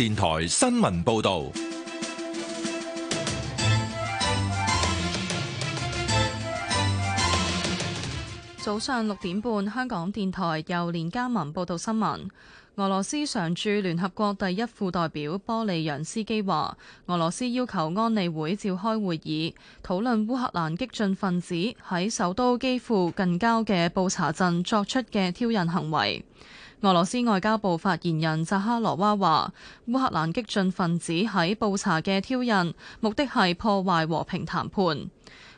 電台新聞報道：早上六點半，香港電台由連家文報道新聞。俄羅斯常駐聯合國第一副代表波利揚斯基話，俄羅斯要求安理會召開會議，討論烏克蘭激進分子喺首都基輔近郊嘅布查鎮作出嘅挑釁行為。俄羅斯外交部發言人扎哈羅娃話：烏克蘭激進分子喺布查嘅挑釁，目的係破壞和平談判。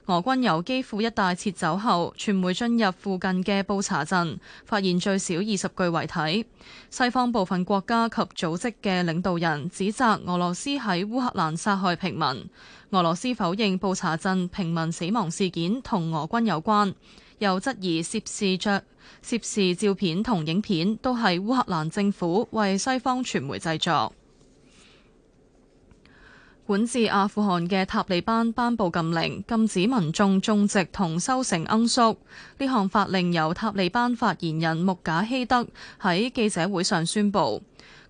俄軍由基庫一帶撤走後，傳媒進入附近嘅布查鎮，發現最少二十具遺體。西方部分國家及組織嘅領導人指責俄羅斯喺烏克蘭殺害平民。俄羅斯否認布查鎮平民死亡事件同俄軍有關，又質疑涉事着。涉事照片同影片都係烏克蘭政府為西方傳媒製作。管治阿富汗嘅塔利班頒布禁令，禁止民眾種植同收成罌粟。呢項法令由塔利班發言人穆賈希德喺記者會上宣布。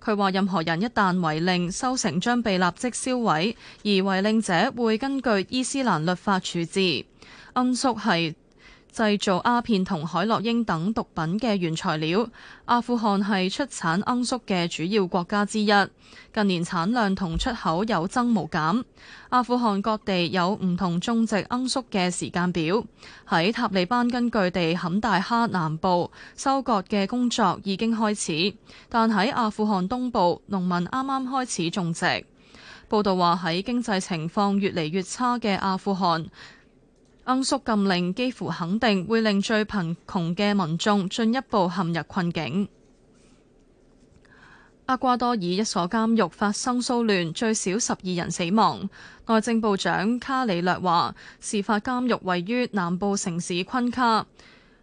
佢話任何人一旦違令，收成將被立即銷毀，而違令者會根據伊斯蘭律法處置。罌粟係。製造鴉片同海洛因等毒品嘅原材料，阿富汗係出產罌粟嘅主要國家之一。近年產量同出口有增無減。阿富汗各地有唔同種植罌粟嘅時間表。喺塔利班根據地坎大哈南部，收割嘅工作已經開始，但喺阿富汗東部，農民啱啱開始種植。報道話喺經濟情況越嚟越差嘅阿富汗。硬縮、嗯、禁令幾乎肯定會令最貧窮嘅民眾進一步陷入困境。厄瓜多爾一所監獄發生騷亂，最少十二人死亡。內政部長卡里略話，事發監獄位於南部城市昆卡。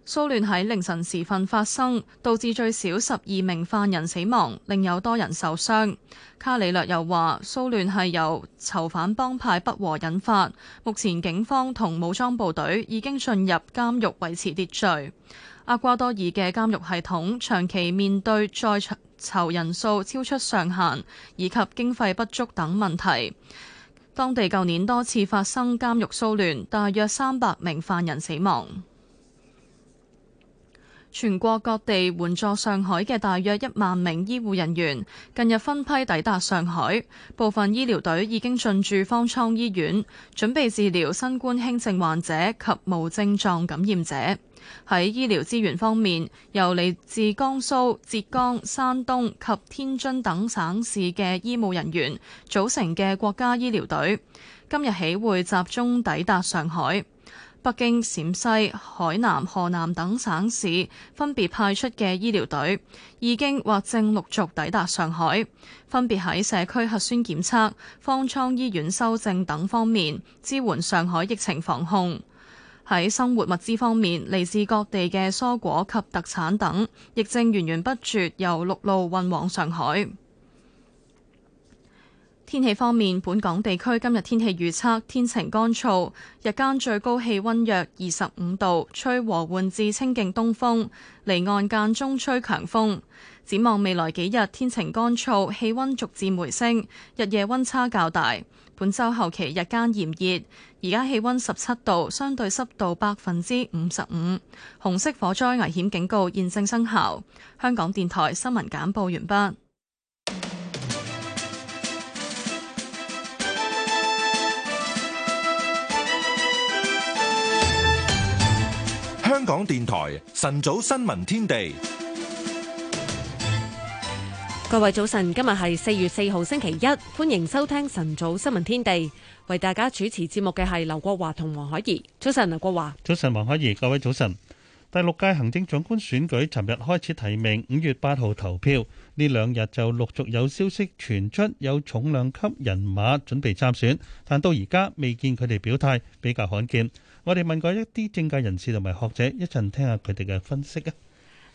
騷亂喺凌晨時分發生，導致最少十二名犯人死亡，另有多人受傷。卡里略又話，騷亂係由囚犯幫派不和引發。目前警方同武裝部隊已經進入監獄維持秩序。阿瓜多爾嘅監獄系統長期面對在囚人數超出上限以及經費不足等問題。當地舊年多次發生監獄騷亂，大約三百名犯人死亡。全國各地援助上海嘅大約一萬名醫護人員，近日分批抵達上海，部分醫療隊已經進駐方艙醫院，準備治療新冠輕症患者及無症狀感染者。喺醫療資源方面，由嚟自江蘇、浙江、山東及天津等省市嘅醫務人員組成嘅國家醫療隊，今日起會集中抵達上海。北京、陝西、海南、河南等省市分別派出嘅醫療隊已經或正陸續抵達上海，分別喺社區核酸檢測方艙醫院修正等方面支援上海疫情防控。喺生活物資方面，嚟自各地嘅蔬果及特產等，亦正源源不絕由陸路運往上海。天氣方面，本港地區今日天氣預測，天晴乾燥，日間最高氣溫約二十五度，吹和緩至清勁東風，離岸間中吹強風。展望未來幾日，天晴乾燥，氣溫逐漸回升，日夜溫差較大。本週後期日間炎熱，而家氣溫十七度，相對濕度百分之五十五。紅色火災危險警告現正生效。香港電台新聞簡報完畢。香港電台晨早新聞天地，各位早晨，今日係四月四號星期一，歡迎收聽晨早新聞天地。為大家主持節目嘅係劉國華同黃海怡。早晨，劉國華。早晨，黃海怡。各位早晨。第六屆行政長官選舉尋日開始提名，五月八號投票。呢兩日就陸續有消息傳出，有重量級人馬準備參選，但到而家未見佢哋表態，比較罕見。我哋問過一啲政界人士同埋學者，一陣聽下佢哋嘅分析啊！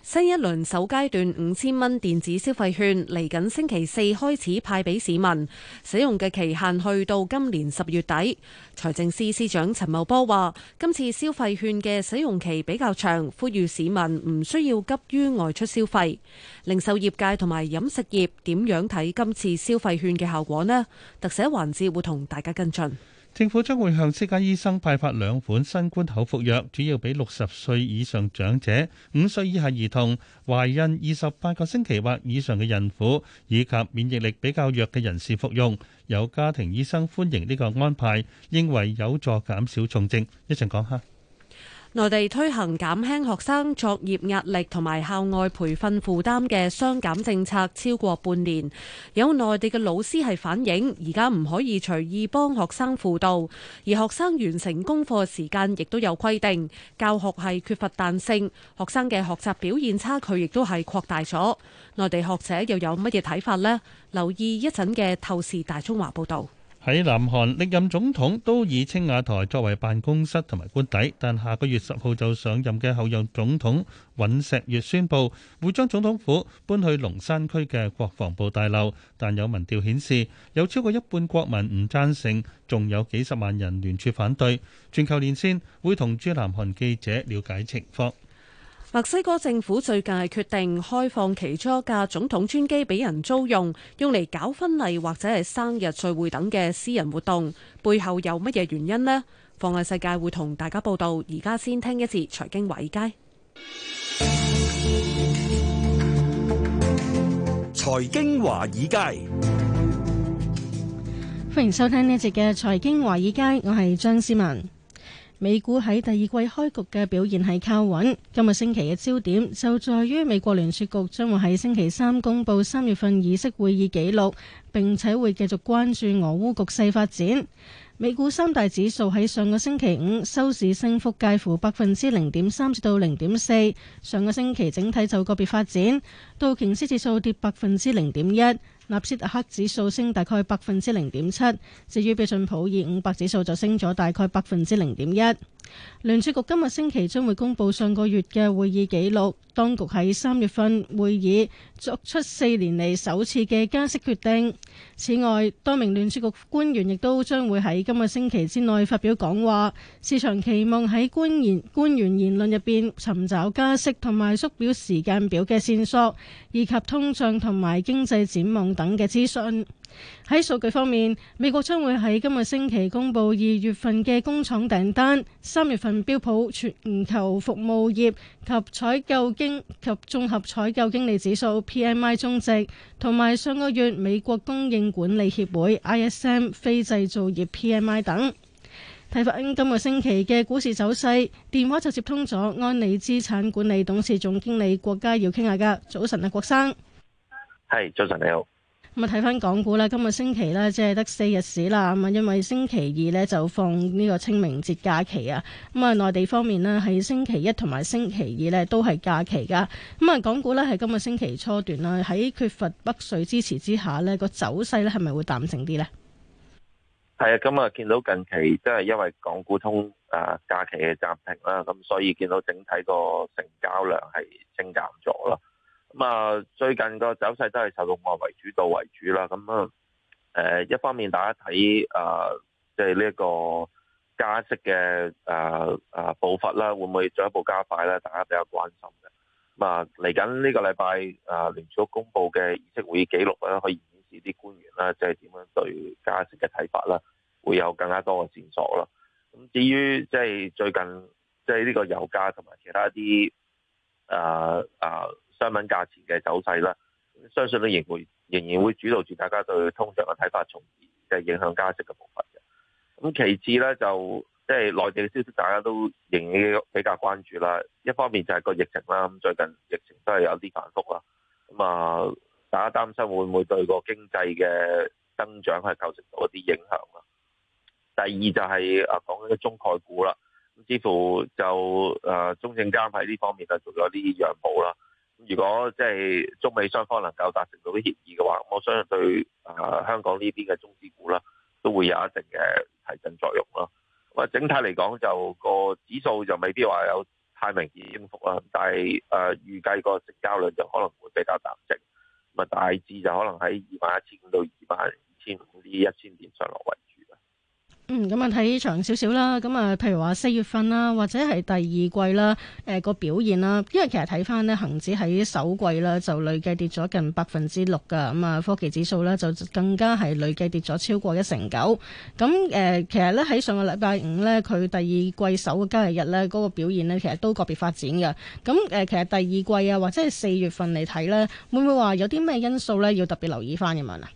新一輪首階段五千蚊電子消費券嚟緊，星期四開始派俾市民，使用嘅期限去到今年十月底。財政司司長陳茂波話：今次消費券嘅使用期比較長，呼籲市民唔需要急於外出消費。零售業界同埋飲食業點樣睇今次消費券嘅效果呢？特寫環節會同大家跟進。政府將會向私家醫生派發兩款新冠口服藥，主要俾六十歲以上長者、五歲以下兒童、懷孕二十八個星期或以上嘅孕婦以及免疫力比較弱嘅人士服用。有家庭醫生歡迎呢個安排，認為有助減少重症。講一陣講下。內地推行減輕學生作業壓力同埋校外培訓負擔嘅雙減政策超過半年，有內地嘅老師係反映，而家唔可以隨意幫學生輔導，而學生完成功課時間亦都有規定，教學係缺乏彈性，學生嘅學習表現差距亦都係擴大咗。內地學者又有乜嘢睇法呢？留意一陣嘅透視大中華報導。喺南韓，歷任總統都以青瓦台作為辦公室同埋官邸，但下個月十號就上任嘅後任總統尹錫悅宣布會將總統府搬去龍山區嘅國防部大樓，但有民調顯示有超過一半國民唔贊成，仲有幾十萬人聯署反對。全球連線會同駐南韓記者了解情況。墨西哥政府最近係決定開放其中架總統專機俾人租用，用嚟搞婚禮或者係生日聚會等嘅私人活動，背後有乜嘢原因呢？放眼世界會同大家報道，而家先聽一次財經華爾街。財經華爾街，歡迎收聽呢一節嘅財經華爾街，我係張思文。美股喺第二季開局嘅表現係靠穩，今個星期嘅焦點就在於美國聯儲局將會喺星期三公布三月份議息會議紀錄，並且會繼續關注俄烏局勢發展。美股三大指數喺上個星期五收市升幅介乎百分之零點三至到零點四。上個星期整體就個別發展，道瓊斯指數跌百分之零點一。納斯達克指數升大概百分之零點七，至於標準普爾五百指數就升咗大概百分之零點一。聯儲局今個星期將會公布上個月嘅會議記錄，當局喺三月份會議作出四年嚟首次嘅加息決定。此外，多名聯儲局官員亦都將會喺今個星期之內發表講話，市場期望喺官員官員言論入邊尋找加息同埋縮表時間表嘅線索，以及通脹同埋經濟展望等等嘅資訊喺數據方面，美國將會喺今個星期公布二月份嘅工廠訂單、三月份標普全球服務業及採購經及綜合採購經理指數 P M I 終值，同埋上個月美國供應管理協會 I S M 非製造業 P M I 等。睇翻今個星期嘅股市走勢，電話就接通咗安理資產管理董事總經理郭嘉耀傾下。噶早晨啊，郭生係早晨，你好。咁啊，睇翻港股咧，今個星期咧，即係得四日市啦。咁啊，因為星期二咧就放呢個清明節假期啊。咁啊，內地方面呢，喺星期一同埋星期二咧都係假期噶。咁啊，港股咧係今個星期初段啦，喺缺乏北水支持之下咧，個走勢咧係咪會淡靜啲呢？係啊，咁啊，見到近期即係因為港股通啊假期嘅暫停啦，咁所以見到整體個成交量係升減咗咯。咁啊，最近個走勢都係受到外圍主導為主啦。咁啊，誒一方面大家睇啊，即係呢一個加息嘅誒誒步伐啦，會唔會進一步加快咧？大家比較關心嘅。啊、嗯，嚟緊呢個禮拜啊，聯、呃、儲公布嘅議息會議記錄咧，可以顯示啲官員啦，即係點樣對加息嘅睇法啦，會有更加多嘅線索啦。咁至於即係、就是、最近即係呢個油價同埋其他啲啊啊～、呃呃商品價錢嘅走勢啦，相信都仍會仍然會主導住大家對通脹嘅睇法，從而嘅影響加息嘅部分嘅。咁其次咧就即係、就是、內地嘅消息，大家都仍然比較關注啦。一方面就係個疫情啦，咁最近疫情都係有啲反覆啦。咁啊，大家擔心會唔會對個經濟嘅增長係構成到一啲影響啦。第二就係、是、啊講緊啲中概股啦，咁似乎就誒、啊、中證監喺呢方面啊做咗啲讓步啦。如果即係中美雙方能夠達成到啲協議嘅話，我相信對啊、呃、香港呢邊嘅中資股啦，都會有一定嘅提振作用咯。咁啊，整體嚟講，就個指數就未必話有太明顯應幅啦，但係誒、呃、預計個成交量就可能會比較淡靜，咁啊大致就可能喺二萬一千五到二萬二千五呢一千點上落位。嗯，咁啊睇長少少啦，咁啊，譬如話四月份啦，或者係第二季啦，誒、呃、個表現啦，因為其實睇返呢，恒指喺首季啦就累計跌咗近百分之六㗎，咁啊、嗯、科技指數呢，就更加係累計跌咗超過一成九。咁誒、嗯呃，其實呢，喺上個禮拜五呢，佢第二季首個交易日呢，嗰、那個表現呢，其實都個別發展嘅。咁、嗯、誒、呃，其實第二季啊，或者係四月份嚟睇呢，會唔會話有啲咩因素呢，要特別留意返咁樣啊？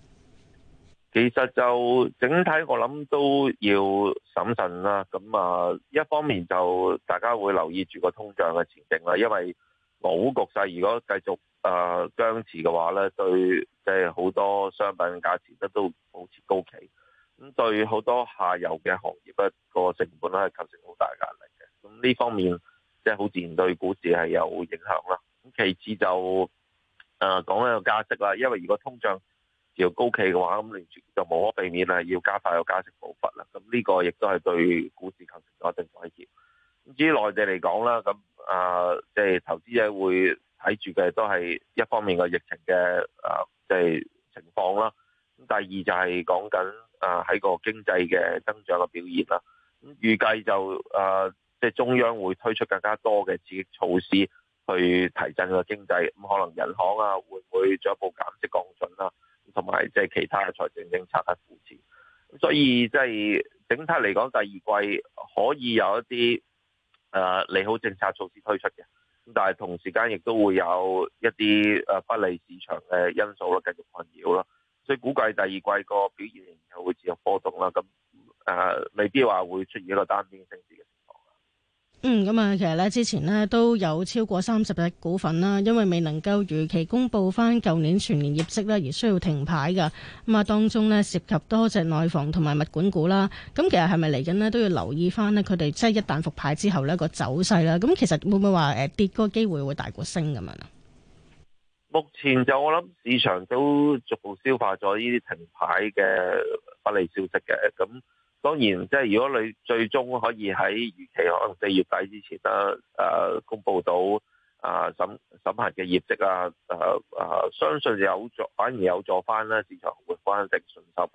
其實就整體我諗都要審慎啦，咁啊一方面就大家會留意住個通脹嘅前景啦，因為俄烏局勢如果繼續誒、呃、僵持嘅話咧，對即係好多商品嘅價錢咧都保持高企，咁對好多下游嘅行業咧個成本咧係構成好大壓力嘅，咁呢方面即係好自然對股市係有影響啦。其次就誒講咧個加息啦，因為如果通脹。要高企嘅話，咁你就無可避免啊，要加快加補個加息步伐啦。咁呢個亦都係對股市構成咗一定威脅。咁至於內地嚟講啦，咁啊，即係投資者會睇住嘅都係一方面嘅疫情嘅啊，即係情況啦。咁第二就係講緊啊，喺個經濟嘅增長嘅表現啦。咁啊，預計就啊，即係中央會推出更加多嘅刺激措施去提振個經濟。咁可能銀行啊，會唔會進一步減息降準啦啊？同埋即係其他嘅財政政策嘅扶持，所以即係整體嚟講，第二季可以有一啲誒、呃、利好政策措施推出嘅，但係同時間亦都會有一啲誒不利市場嘅因素咯，繼續困擾咯，所以估計第二季個表現又會持續波動啦，咁誒、呃、未必話會出現一個單邊升市嘅。嗯，咁啊，其實咧之前呢都有超過三十隻股份啦，因為未能夠如期公布翻舊年全年業績啦，而需要停牌噶。咁啊，當中呢涉及多隻內房同埋物管股啦。咁其實係咪嚟緊呢都要留意翻呢？佢哋即係一旦復牌之後呢個走勢啦。咁其實會唔會話誒跌個機會會大過升咁樣啊？目前就我諗市場都逐步消化咗呢啲停牌嘅不利消息嘅，咁。當然，即係如果你最終可以喺預期可能四月底之前啦，誒、呃、公佈到啊審審核嘅業績啊，誒、呃、誒、呃、相信有助反而有助翻啦市場活翻定信心。啊。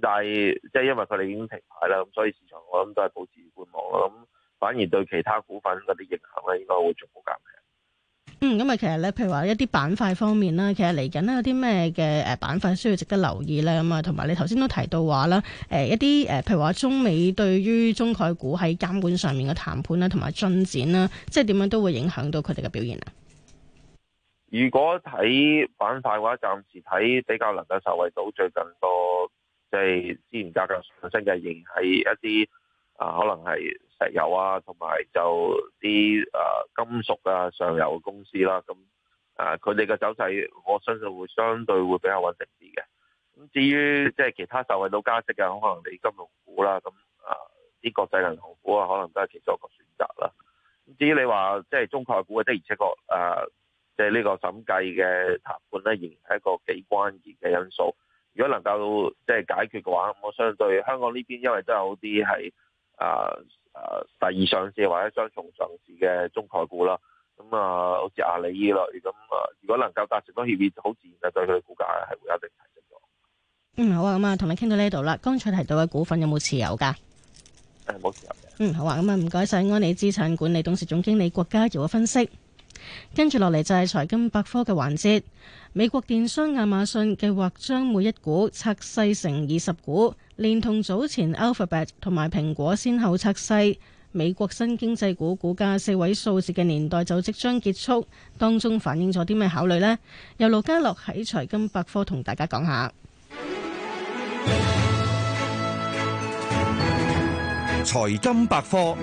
但係即係因為佢哋已經停牌啦，咁所以市場我諗都係保持觀望啦。咁反而對其他股份嗰啲影響咧，應該會仲好減嗯，咁啊，其實咧，譬如話一啲板塊方面啦，其實嚟緊咧有啲咩嘅誒板塊需要值得留意咧，咁啊，同埋你頭先都提到話啦，誒、呃、一啲誒譬如話中美對於中概股喺監管上面嘅談判咧，同埋進展啦，即係點樣都會影響到佢哋嘅表現啊？如果睇板塊嘅話，暫時睇比較能夠受惠到最近多，即係資源價格上升嘅，仍係一啲啊、呃，可能係。有啊，同埋就啲誒金屬啊上游公司啦，咁誒佢哋嘅走勢，我相信會相對會比較穩定啲嘅。咁至於即係其他受惠到加息嘅，可能你金融股啦，咁誒啲國際銀行股啊，可能都係其中一個選擇啦。咁至於你話即係中概股嘅，的而且確誒即係呢個審計嘅談判咧，仍然係一個幾關鍵嘅因素。如果能夠即係解決嘅話，我相對香港呢邊因為都有啲係誒。呃誒、啊，第二上市或者雙重上市嘅中概股啦，咁啊，好似阿里依類咁啊，如果能夠達成到協議，好自然就對佢嘅股價係會一定提升。嗯，好啊，咁、嗯、啊，同你傾到呢度啦。剛才提到嘅股份有冇持有噶？誒，冇持有嘅。嗯，好啊，咁、嗯、啊，唔該晒安理資產管理董事總經理郭家瑤嘅分析。跟住落嚟就係財經百科嘅環節。美國電商亞馬遜計劃將每一股拆細成二十股。連同早前 Alphabet 同埋蘋果先後拆細，美國新經濟股股價四位數字嘅年代就即將結束，當中反映咗啲咩考慮呢？由盧嘉樂喺財金百科同大家講下。財金百科。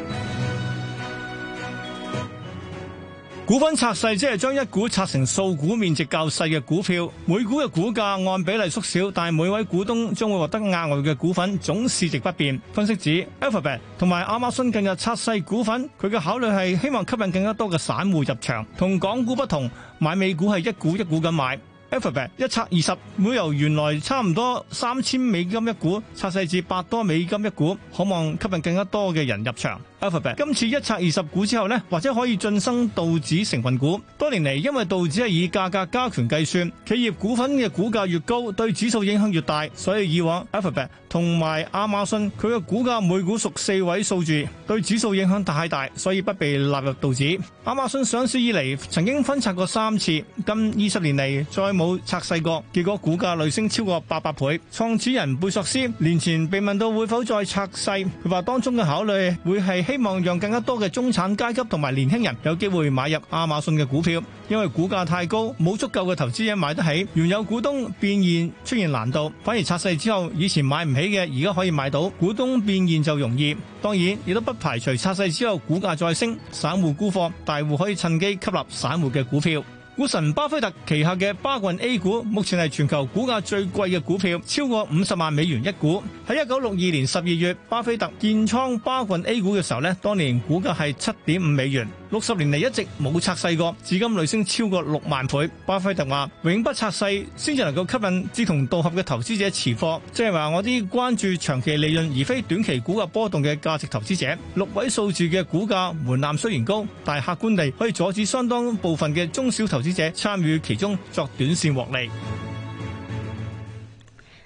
股份拆細即係將一股拆成數股，面積較細嘅股票，每股嘅股價按比例縮小，但係每位股東將會獲得額外嘅股份，總市值不變。分析指，Alphabet 同埋亞馬遜近日拆細股份，佢嘅考慮係希望吸引更加多嘅散戶入場。同港股不同，買美股係一股一股咁買。Alphabet 一拆二十，會由原來差唔多三千美金一股拆細至百多美金一股，可望吸引更加多嘅人入場。Alphabet 今次一拆二十股之後呢，或者可以晉升道指成分股。多年嚟，因為道指係以價格加權計算，企業股份嘅股價越高，對指數影響越大，所以以往 Alphabet 同埋亞馬遜，佢嘅股價每股屬四位數字，對指數影響太大，所以不被納入道指。亞馬遜上市以嚟曾經分拆過三次，近二十年嚟再冇拆細過，結果股價累升超過八百倍。創始人貝索斯年前被問到會否再拆細，佢話當中嘅考慮會係希望讓更加多嘅中產階級同埋年輕人有機會買入亞馬遜嘅股票。因為股價太高，冇足夠嘅投資者買得起，原有股東變現出現難度，反而拆細之後，以前買唔起嘅，而家可以買到，股東變現就容易。當然，亦都不排除拆細之後股價再升，散戶沽貨，大戶可以趁機吸納散戶嘅股票。股神巴菲特旗下嘅巴郡 A 股，目前係全球股價最貴嘅股票，超過五十萬美元一股。喺一九六二年十二月，巴菲特建倉巴郡 A 股嘅時候呢，當年股價係七點五美元。六十年嚟一直冇拆細過，至今累升超過六萬倍。巴菲特話：永不拆細，先至能夠吸引志同道合嘅投資者持貨。即係話我啲關注長期利潤，而非短期股價波動嘅價值投資者。六位數字嘅股價門檻雖然高，但客觀地可以阻止相當部分嘅中小投資者參與其中作短線獲利。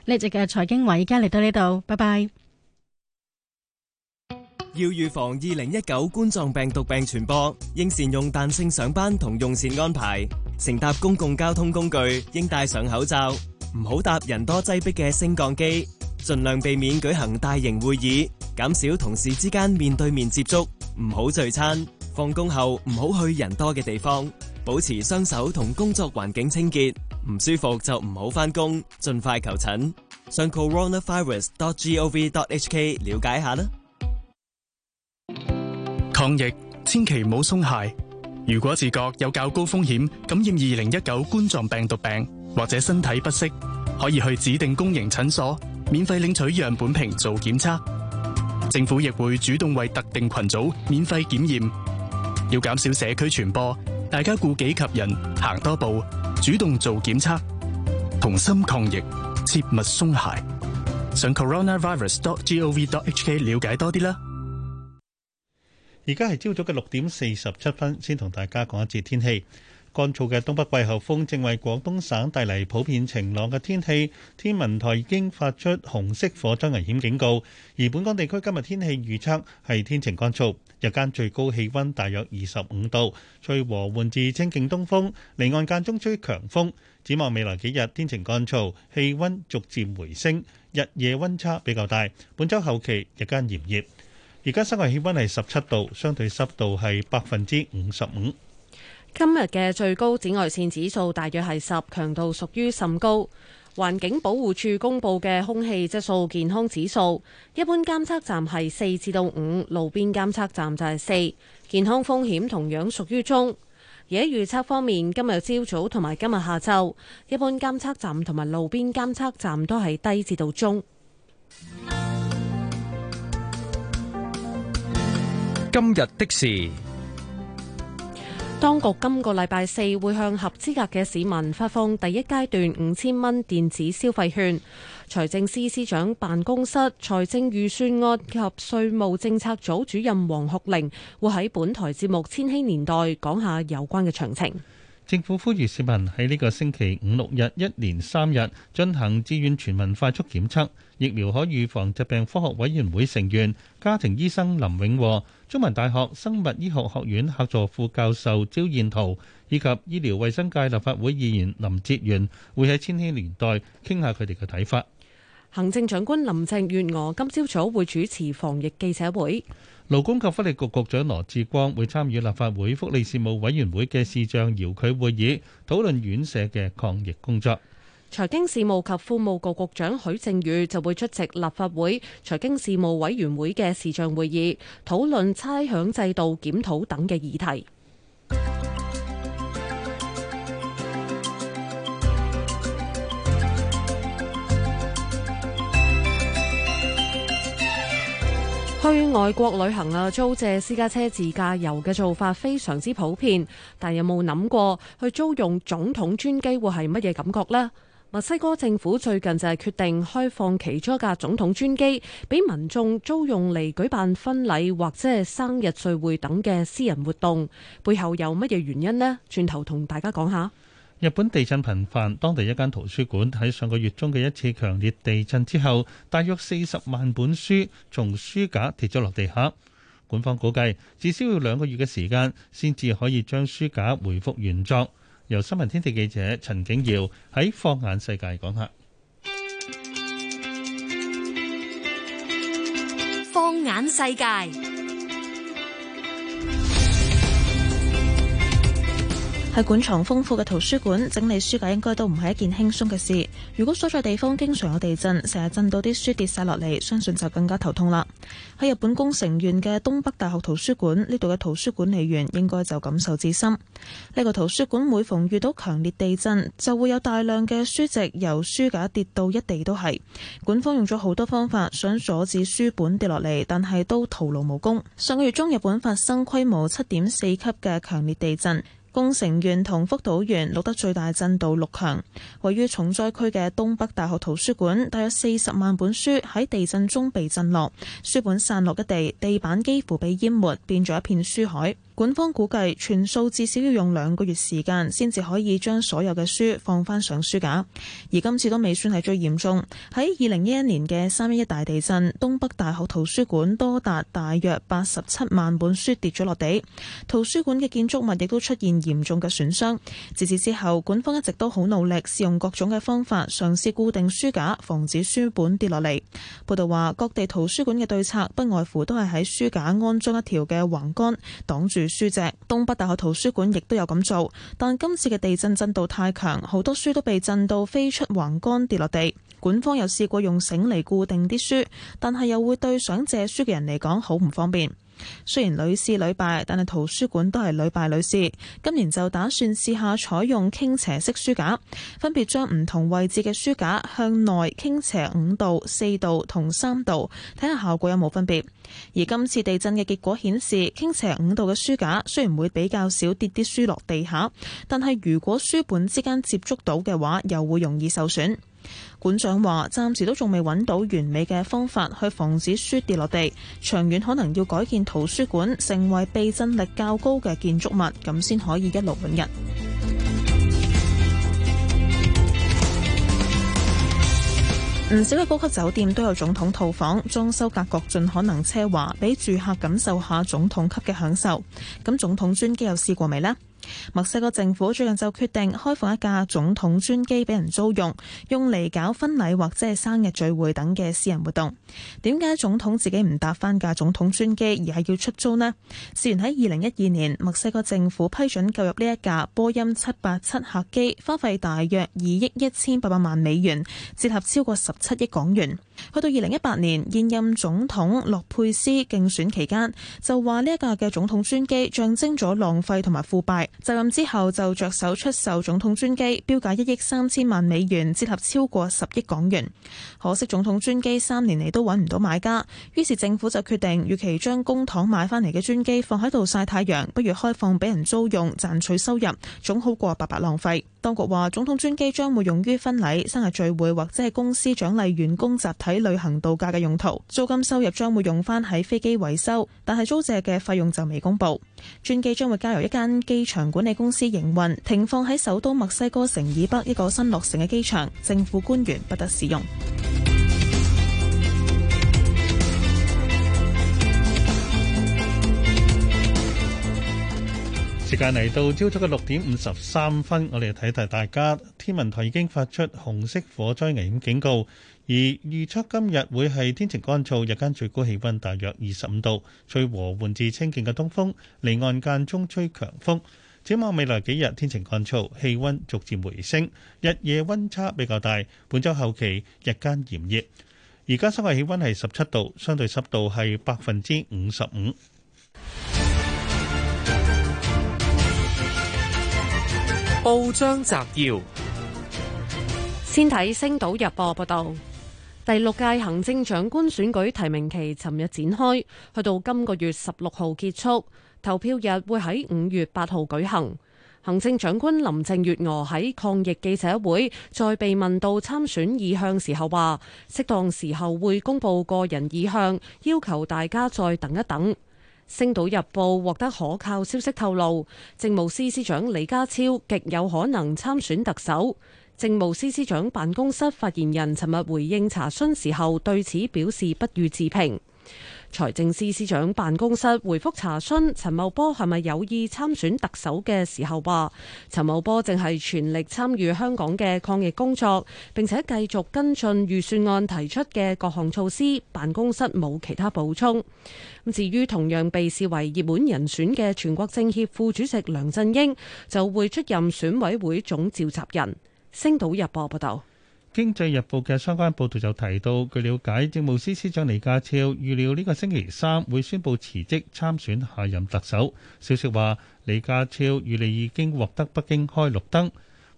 呢集嘅財經話，而家嚟到呢度，拜拜。要預防二零一九冠狀病毒病傳播，應善用彈性上班同用膳安排；乘搭公共交通工具應戴上口罩，唔好搭人多擠逼嘅升降機；盡量避免舉行大型會議，減少同事之間面對面接觸；唔好聚餐，放工後唔好去人多嘅地方；保持雙手同工作環境清潔；唔舒服就唔好返工，盡快求診。上 coronavirus.gov.hk 了解下啦。抗疫千祈唔好鬆懈。如果自覺有較高風險感染二零一九冠狀病毒病，或者身體不適，可以去指定公營診所免費領取樣本瓶，做檢測。政府亦會主動為特定群組免費檢驗。要減少社區傳播，大家顧己及人，行多步，主動做檢測，同心抗疫，切勿鬆懈。上 coronavirus.gov.hk 了解多啲啦。而家係朝早嘅六點四十七分，先同大家講一次天氣。乾燥嘅東北季候風正為廣東省帶嚟普遍晴朗嘅天氣，天文台已經發出紅色火災危險警告。而本港地區今日天氣預測係天晴乾燥，日間最高氣温大約二十五度，吹和緩至清勁東風，離岸間中吹強風。展望未來幾日天晴乾燥，氣温逐漸回升，日夜温差比較大。本週後期日間炎熱。而家室外氣溫係十七度，相對濕度係百分之五十五。今日嘅最高紫外線指數大約係十，強度屬於甚高。環境保護處公布嘅空氣質素健康指數，一般監測站係四至到五，路邊監測站就係四，健康風險同樣屬於中。而喺預測方面，今日朝早同埋今日下晝，一般監測站同埋路邊監測站都係低至到中。今日的事，當局今個禮拜四會向合資格嘅市民發放第一階段五千蚊電子消費券。財政司司長辦公室、財政預算案及稅務政策組主任黃學玲會喺本台節目《千禧年代》講下有關嘅詳情。政府呼籲市民喺呢個星期五六日一連三日進行志願全民快速檢測。疫苗可預防疾病科學委員會成員、家庭醫生林永和，中文大學生物醫學學院客座副教授招彥燾，以及醫療衛生界立法會議員林哲玄會喺千禧年代傾下佢哋嘅睇法。行政長官林鄭月娥今朝早會主持防疫記者會。勞工及福利局局長羅致光會參與立法會福利事務委員會嘅視像遙距會議，討論院舍嘅抗疫工作。財經事務及庫務局局長許正宇就會出席立法會財經事務委員會嘅視像會議，討論差餉制度檢討等嘅議題。 去外國旅行啦，租借私家車自駕遊嘅做法非常之普遍，但有冇諗過去租用總統專機會係乜嘢感覺呢？墨西哥政府最近就係決定開放其中一架總統專機，俾民眾租用嚟舉辦婚禮或者生日聚會等嘅私人活動。背後有乜嘢原因呢？轉頭同大家講下。日本地震頻繁，當地一間圖書館喺上個月中嘅一次強烈地震之後，大約四十萬本書從書架跌咗落地下。官方估計至少要兩個月嘅時間，先至可以將書架回復原作。由新聞天地記者陳景耀喺放眼世界講下，放眼世界。喺館藏豐富嘅圖書館整理書架，應該都唔係一件輕鬆嘅事。如果所在地方經常有地震，成日震到啲書跌晒落嚟，相信就更加頭痛啦。喺日本工程院嘅東北大學圖書館，呢度嘅圖書管理員應該就感受至深。呢個圖書館每逢遇到強烈地震，就會有大量嘅書籍由書架跌到一地，都係館方用咗好多方法想阻止書本跌落嚟，但係都徒勞無功。上個月中，日本發生規模七點四級嘅強烈地震。宮城縣同福島縣錄得最大震度六強，位於重災區嘅東北大學圖書館，大約四十萬本書喺地震中被震落，書本散落一地，地板幾乎被淹沒，變咗一片書海。管方估計，全數至少要用兩個月時間先至可以將所有嘅書放翻上書架。而今次都未算係最嚴重。喺二零一一年嘅三一一大地震，東北大學圖書館多達大約八十七萬本書跌咗落地，圖書館嘅建築物亦都出現嚴重嘅損傷。自此之後，管方一直都好努力試用各種嘅方法，嘗試固定書架，防止書本跌落嚟。報道話，各地圖書館嘅對策不外乎都係喺書架安裝一條嘅橫杆，擋住書籍，東北大學圖書館亦都有咁做，但今次嘅地震震度太強，好多書都被震到飛出橫杆跌落地。館方有試過用繩嚟固定啲書，但係又會對想借書嘅人嚟講好唔方便。雖然屢試屢敗，但係圖書館都係屢敗屢試。今年就打算試下採用傾斜式書架，分別將唔同位置嘅書架向內傾斜五度、四度同三度，睇下效果有冇分別。而今次地震嘅結果顯示，傾斜五度嘅書架雖然會比較少跌啲書落地下，但係如果書本之間接觸到嘅話，又會容易受損。館長話：暫時都仲未揾到完美嘅方法去防止書跌落地，長遠可能要改建圖書館，成為避震力較高嘅建築物，咁先可以一勞永逸。唔 少嘅高級酒店都有總統套房，裝修格局盡可能奢華，俾住客感受下總統級嘅享受。咁總統專機有試過未呢？墨西哥政府最近就決定開放一架總統專機俾人租用，用嚟搞婚禮或者係生日聚會等嘅私人活動。點解總統自己唔搭翻架總統專機，而係要出租呢？事源喺二零一二年，墨西哥政府批准購入呢一架波音七八七客機，花費大約二億一千八百萬美元，折合超過十七億港元。去到二零一八年，現任總統洛佩斯競選期間就話呢一架嘅總統專機象徵咗浪費同埋腐敗。就任之後就着手出售總統專機，標價一億三千萬美元，折合超過十億港元。可惜總統專機三年嚟都揾唔到買家，於是政府就決定，與其將公帑買翻嚟嘅專機放喺度曬太陽，不如開放俾人租用賺取收入，總好過白白浪費。當局話，總統專機將會用於婚禮、生日聚會或者係公司獎勵員工集體旅行度假嘅用途，租金收入將會用返喺飛機維修，但係租借嘅費用就未公布。專機將會交由一間機場管理公司營運，停放喺首都墨西哥城以北一個新落成嘅機場，政府官員不得使用。時間嚟到朝早嘅六點五十三分，我哋睇一睇大家。天文台已經發出紅色火災危險警告，而預測今日會係天晴乾燥，日間最高氣溫大約二十五度，吹和緩至清勁嘅東風，離岸間中吹強風。展望未來幾日天晴乾燥，氣溫逐漸回升，日夜溫差比較大。本周後期日間炎熱，而家室外氣溫係十七度，相對濕度係百分之五十五。報章摘要，先睇《星島日報》報道，第六屆行政長官選舉提名期尋日展開，去到今個月十六號結束，投票日會喺五月八號舉行。行政長官林鄭月娥喺抗疫記者會，再被問到參選意向時候話，適當時候會公布個人意向，要求大家再等一等。《星島日報》獲得可靠消息透露，政務司司長李家超極有可能參選特首。政務司司長辦公室發言人尋日回應查詢時候，對此表示不予置評。財政司司長辦公室回覆查詢陳茂波係咪有意參選特首嘅時候話，陳茂波淨係全力參與香港嘅抗疫工作，並且繼續跟進預算案提出嘅各項措施。辦公室冇其他補充。咁至於同樣被視為熱門人選嘅全國政協副主席梁振英，就會出任選委會總召集人。星島日報報道。經濟日報嘅相關報導就提到，據了解，政務司司長李家超預料呢個星期三會宣布辭職參選下任特首。消息話，李家超預料已經獲得北京開綠燈。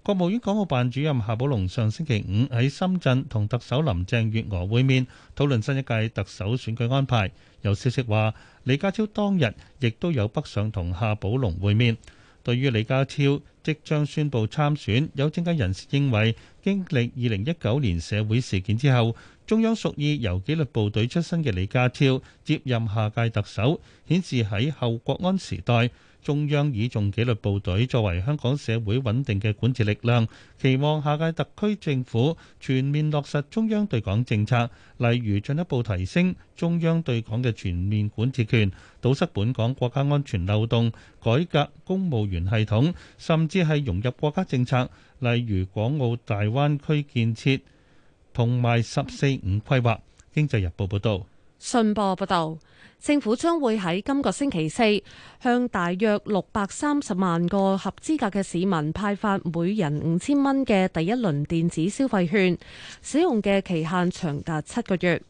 國務院港澳辦主任夏寶龍上星期五喺深圳同特首林鄭月娥會面，討論新一屆特首選舉安排。有消息話，李家超當日亦都有北上同夏寶龍會面。對於李家超即將宣佈參選，有政界人士認為，經歷二零一九年社會事件之後，中央屬意由紀律部隊出身嘅李家超接任下屆特首，顯示喺後國安時代，中央倚重紀律部隊作為香港社會穩定嘅管治力量，期望下屆特區政府全面落實中央對港政策，例如進一步提升中央對港嘅全面管治權，堵塞本港國家安全漏洞，改革公務員系統，甚至係融入國家政策，例如港澳大灣區建設同埋十四五規劃。經濟日報報道，信報報道。政府將會喺今個星期四向大約六百三十萬個合資格嘅市民派發每人五千蚊嘅第一輪電子消費券，使用嘅期限長達七個月。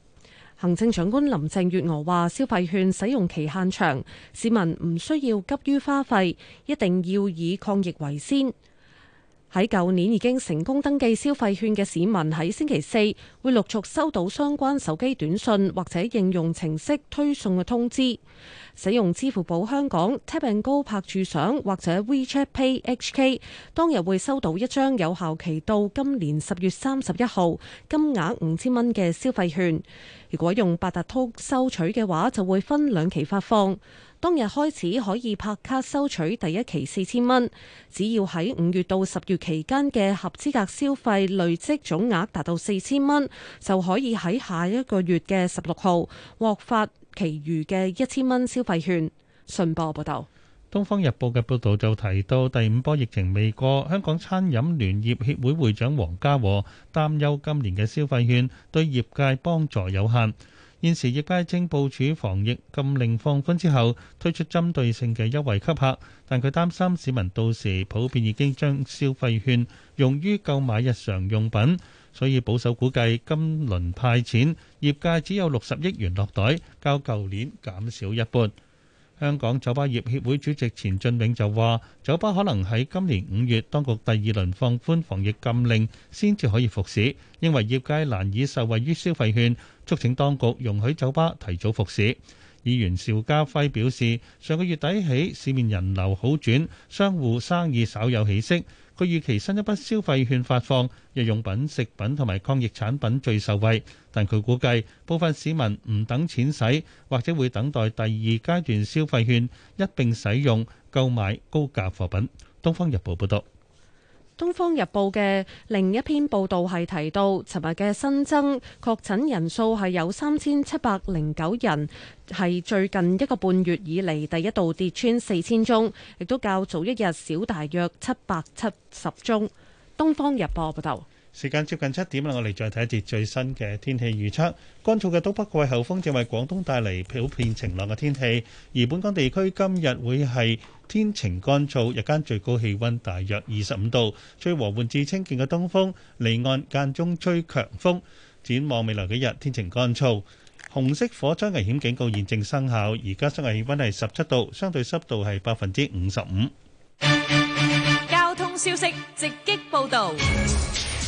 行政長官林鄭月娥話，消費券使用期限長，市民唔需要急於花費，一定要以抗疫為先。喺舊年已經成功登記消費券嘅市民喺星期四會陸續收到相關手機短信或者應用程式推送嘅通知。使用支付寶香港、Tap & Go 拍住賞或者 WeChat Pay HK，當日會收到一張有效期到今年十月三十一號、金額五千蚊嘅消費券。如果用八達通收取嘅話，就會分兩期發放。當日開始可以拍卡收取第一期四千蚊，只要喺五月到十月期間嘅合資格消費累積總額達到四千蚊，就可以喺下一個月嘅十六號獲發其餘嘅一千蚊消費券。信報報道，《東方日報》嘅報道就提到，第五波疫情未過，香港餐飲聯業協會會，會長黃家和擔憂今年嘅消費券對業界幫助有限。現時業界正部署防疫禁令放寬之後，推出針對性嘅優惠吸客，但佢擔心市民到時普遍已經將消費券用於購買日常用品，所以保守估計今輪派錢業界只有六十億元落袋，較舊年減少一半。香港酒吧業協會主席錢俊永就話：酒吧可能喺今年五月當局第二輪放寬防疫禁令先至可以復市，認為業界難以受惠於消費券，促請當局容許酒吧提早復市。議員邵家輝表示，上個月底起市面人流好轉，商戶生意稍有起色。佢預期新一筆消費券發放，日用品、食品同埋抗疫產品最受惠，但佢估計部分市民唔等錢使，或者會等待第二階段消費券，一並使用，購買高價貨品。《東方日報》報道。《東方日報》嘅另一篇報導係提到，尋日嘅新增確診人數係有三千七百零九人，係最近一個半月以嚟第一度跌穿四千宗，亦都較早一日少大約七百七十宗。《東方日報》報道。時間接近七點啦，我哋再睇一節最新嘅天氣預測。乾燥嘅東北季候風正為廣東帶嚟普遍晴朗嘅天氣，而本港地區今日會係天晴乾燥，日間最高氣溫大約二十五度，吹和緩至清勁嘅東風，離岸間中吹強風。展望未來幾日天晴乾燥，紅色火災危險警告現正生效。而家室外氣溫係十七度，相對濕度係百分之五十五。交通消息直擊報道。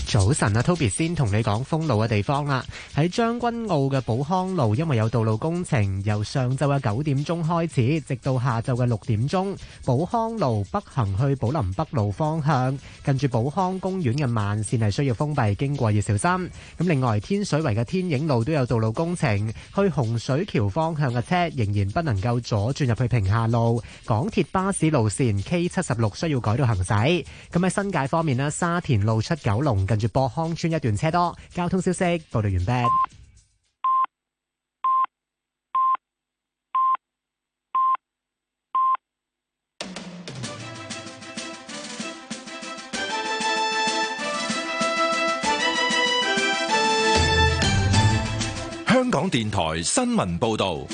早晨啊，Toby 先同你講封路嘅地方啦。喺將軍澳嘅寶康路，因為有道路工程，由上晝嘅九點鐘開始，直到下晝嘅六點鐘，寶康路北行去寶林北路方向，近住寶康公園嘅慢線係需要封閉，經過要小心。咁另外，天水圍嘅天影路都有道路工程，去洪水橋方向嘅車仍然不能夠左轉入去平下路。港鐵巴士路線 K 七十六需要改道行駛。咁喺新界方面咧，沙田路出九龍嘅。住博康村一段車多，交通消息報道完畢。香港電台新聞報道，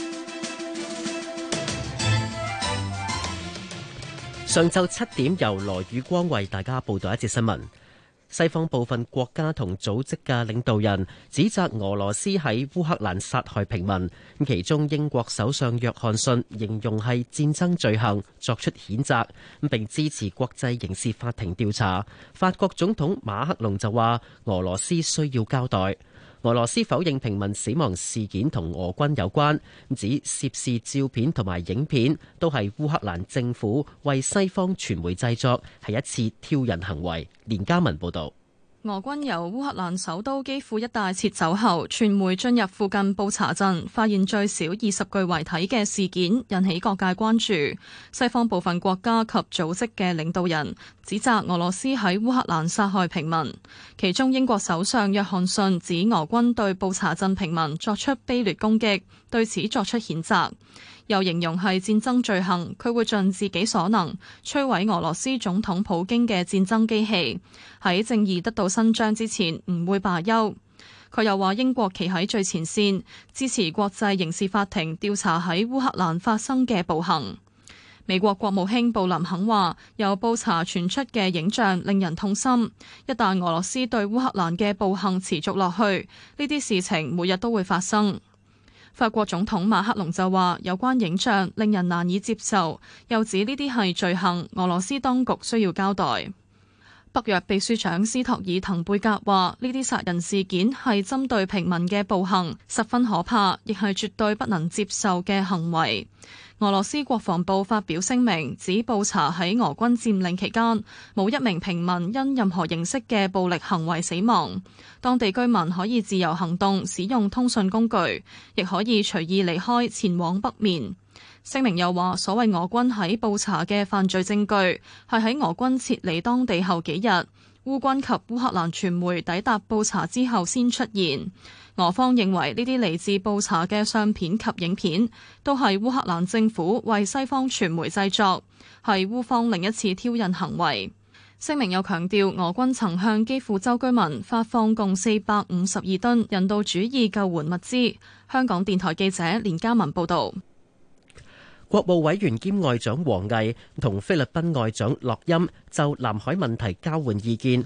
上晝七點由羅宇光為大家報道一節新聞。西方部分國家同組織嘅領導人指責俄羅斯喺烏克蘭殺害平民，其中英國首相約翰遜形容係戰爭罪行，作出譴責，咁並支持國際刑事法庭調查。法國總統馬克龍就話：俄羅斯需要交代。俄羅斯否認平民死亡事件同俄軍有關，指涉事照片同埋影片都係烏克蘭政府為西方傳媒製作，係一次挑釁行為。連嘉文報導。俄軍由烏克蘭首都基輔一帶撤走後，傳媒進入附近布查鎮，發現最少二十具遺體嘅事件，引起各界關注。西方部分國家及組織嘅領導人指責俄羅斯喺烏克蘭殺害平民，其中英國首相約翰遜指俄軍對布查鎮平民作出卑劣攻擊，對此作出譴責。又形容係戰爭罪行，佢會盡自己所能摧毀俄羅斯總統普京嘅戰爭機器。喺正義得到伸張之前，唔會罷休。佢又話英國企喺最前線，支持國際刑事法庭調查喺烏克蘭發生嘅暴行。美國國務卿布林肯話：由布查傳出嘅影像令人痛心。一旦俄羅斯對烏克蘭嘅暴行持續落去，呢啲事情每日都會發生。法國總統馬克龍就話有關影像令人難以接受，又指呢啲係罪行，俄羅斯當局需要交代。北約秘書長斯托爾滕貝格話：呢啲殺人事件係針對平民嘅暴行，十分可怕，亦係絕對不能接受嘅行為。俄羅斯國防部發表聲明，指布查喺俄軍佔領期間，冇一名平民因任何形式嘅暴力行為死亡。當地居民可以自由行動、使用通訊工具，亦可以隨意離開前往北面。聲明又話，所謂俄軍喺布查嘅犯罪證據，係喺俄軍撤離當地後幾日，烏軍及烏克蘭傳媒抵達布查之後先出現。俄方認為呢啲嚟自布查嘅相片及影片都係烏克蘭政府為西方傳媒製作，係烏方另一次挑釁行為。聲明又強調，俄軍曾向基輔州居民發放共四百五十二噸人道主義救援物資。香港電台記者連嘉文報導。國務委員兼外長王毅同菲律賓外長洛欽就南海問題交換意見。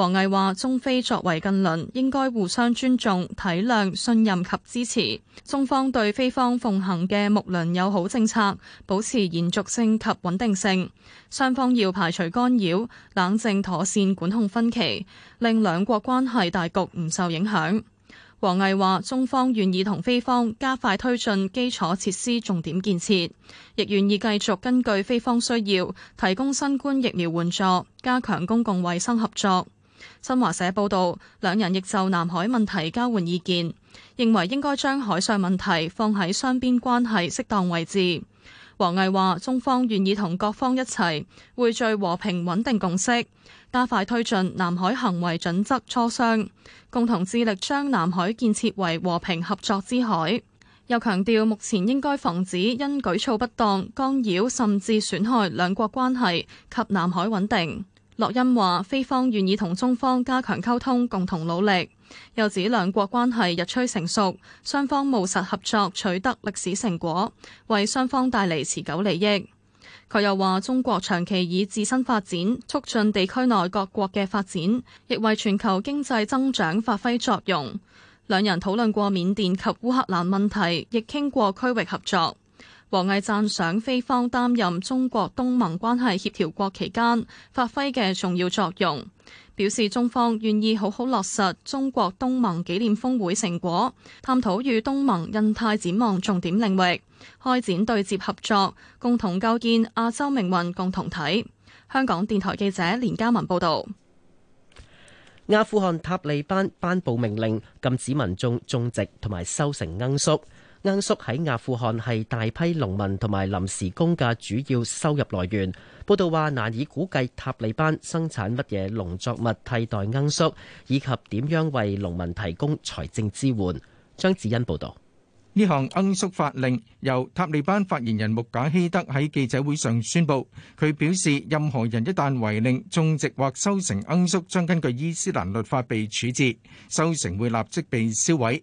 王毅話：中菲作為近鄰，應該互相尊重、體諒、信任及支持。中方對菲方奉行嘅睦鄰友好政策保持延續性及穩定性。雙方要排除干擾，冷靜妥善管控分歧，令兩國關係大局唔受影響。王毅話：中方願意同菲方加快推進基礎設施重點建設，亦願意繼續根據菲方需要提供新冠疫苗援助，加強公共衛生合作。新華社報道，兩人亦就南海問題交換意見，認為應該將海上問題放喺雙邊關係適當位置。王毅話：中方願意同各方一齊匯聚和平穩定共識，加快推進南海行為準則磋商，共同致力將南海建設為和平合作之海。又強調，目前應該防止因舉措不當干擾甚至損害兩國關係及南海穩定。洛恩話：菲方願意同中方加強溝通，共同努力。又指兩國關係日趨成熟，雙方務實合作，取得歷史成果，為雙方帶嚟持久利益。佢又話：中國長期以自身發展促進地區內各國嘅發展，亦為全球經濟增長發揮作用。兩人討論過緬甸及烏克蘭問題，亦傾過區域合作。王毅讚賞菲方擔任中國東盟關係協調國期間發揮嘅重要作用，表示中方願意好好落實中國東盟紀念峰會成果，探討與東盟、印太展望重點領域開展對接合作，共同構建亞洲命運共同體。香港電台記者連嘉文報道。阿富汗塔利班頒布命令，禁止民眾種植同埋收成罌粟。罌粟喺阿富汗係大批農民同埋臨時工嘅主要收入來源。報道話難以估計塔利班生產乜嘢農作物替代罌粟，以及點樣為農民提供財政支援。張子欣報導。呢項罌粟法令由塔利班發言人穆賈希德喺記者會上宣佈。佢表示，任何人一旦違令種植或收成罌粟，將根據伊斯蘭律法被處置，收成會立即被燒毀。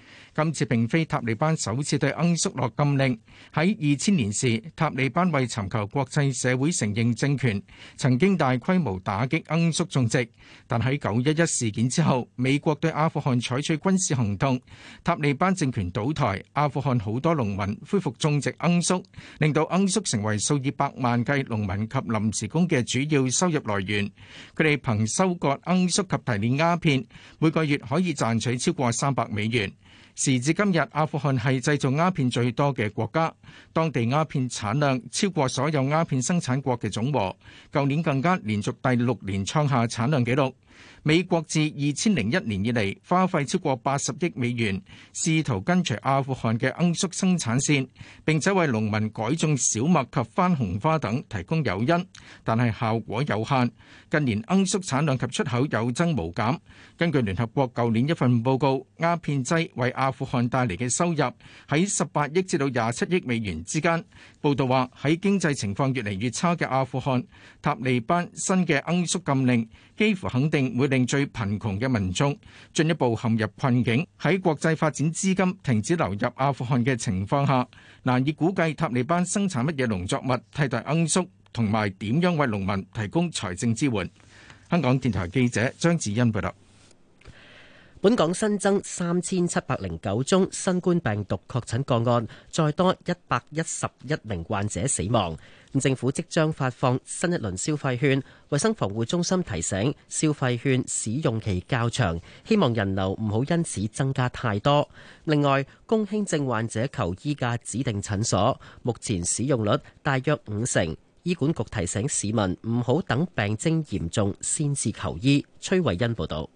今次並非塔利班首次對罌粟落禁令。喺二千年時，塔利班為尋求國際社會承認政權，曾經大規模打擊罌粟種植。但喺九一一事件之後，美國對阿富汗採取軍事行動，塔利班政權倒台，阿富汗好多農民恢復種植罌粟，令到罌粟成為數以百萬計農民及臨時工嘅主要收入來源。佢哋憑收割罌粟及提煉鴉片，每個月可以賺取超過三百美元。時至今日，阿富汗係製造鴉片最多嘅國家，當地鴉片產量超過所有鴉片生產國嘅總和，舊年更加連續第六年創下產量紀錄。美國自二千零一年以嚟花費超過八十億美元，試圖根除阿富汗嘅罌粟生產線，並且為農民改種小麥及番紅花等提供誘因，但係效果有限。近年罌粟產量及出口有增無減。根據聯合國舊年一份報告，鴉片劑為阿富汗帶嚟嘅收入喺十八億至到廿七億美元之間。報導話喺經濟情況越嚟越差嘅阿富汗，塔利班新嘅罌粟禁令，幾乎肯定會令最貧窮嘅民眾進一步陷入困境。喺國際發展資金停止流入阿富汗嘅情況下，難以估計塔利班生產乜嘢農作物替代罌粟，同埋點樣為農民提供財政支援。香港電台記者張智欣報道。本港新增三千七百零九宗新冠病毒確診個案，再多一百一十一名患者死亡。政府即將發放新一輪消費券，衛生防護中心提醒消費券使用期較長，希望人流唔好因此增加太多。另外，公輕症患者求醫嘅指定診所，目前使用率大約五成。醫管局提醒市民唔好等病徵嚴重先至求醫。崔慧欣報道。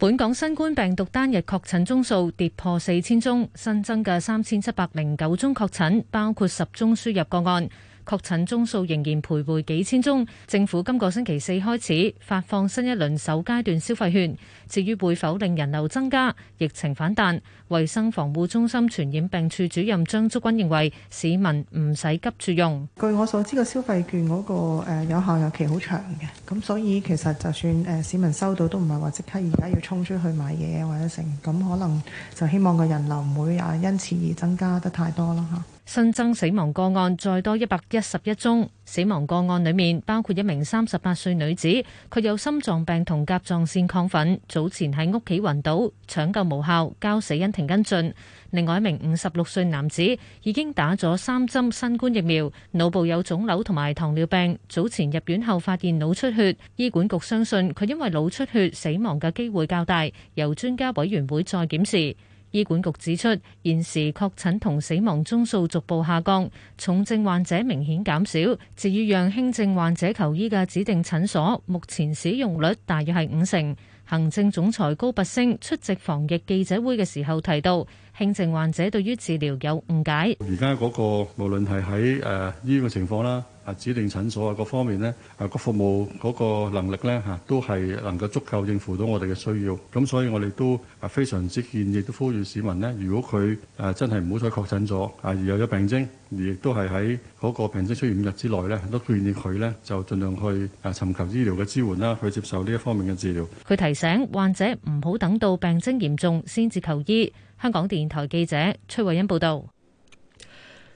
本港新冠病毒單日確診宗數跌破四千宗，新增嘅三千七百零九宗確診，包括十宗輸入個案。確診宗數仍然徘徊幾千宗，政府今個星期四開始發放新一輪首階段消費券。至於會否令人流增加、疫情反彈，衞生防護中心傳染病處主任張竹君認為，市民唔使急住用。據我所知個消費券嗰個誒有效日期好長嘅，咁所以其實就算誒市民收到都唔係話即刻而家要衝出去買嘢或者成，咁可能就希望個人流唔會啊因此而增加得太多啦嚇。新增死亡個案再多一百一十一宗，死亡個案裡面包括一名三十八歲女子，佢有心臟病同甲狀腺亢奮，早前喺屋企暈倒，搶救無效，交死因庭跟進。另外一名五十六歲男子已經打咗三針新冠疫苗，腦部有腫瘤同埋糖尿病，早前入院後發現腦出血，醫管局相信佢因為腦出血死亡嘅機會較大，由專家委員會再檢視。醫管局指出，現時確診同死亡宗數逐步下降，重症患者明顯減少。至於讓輕症患者求醫嘅指定診所，目前使用率大約係五成。行政總裁高拔升出席防疫記者會嘅時候提到。輕症患者對於治療有誤解。而家嗰個無論係喺誒醫院嘅情況啦，啊指定診所啊各方面咧，啊個服務嗰個能力咧嚇都係能夠足夠應付到我哋嘅需要。咁所以我哋都啊非常之建議，都呼籲市民咧，如果佢誒真係唔好彩確診咗啊，而有咗病徵，而亦都係喺嗰個病徵出現五日之內咧，都建議佢咧就盡量去啊尋求醫療嘅支援啦，去接受呢一方面嘅治療。佢提醒患者唔好等到病徵嚴重先至求醫。.香港電台記者崔慧欣報道，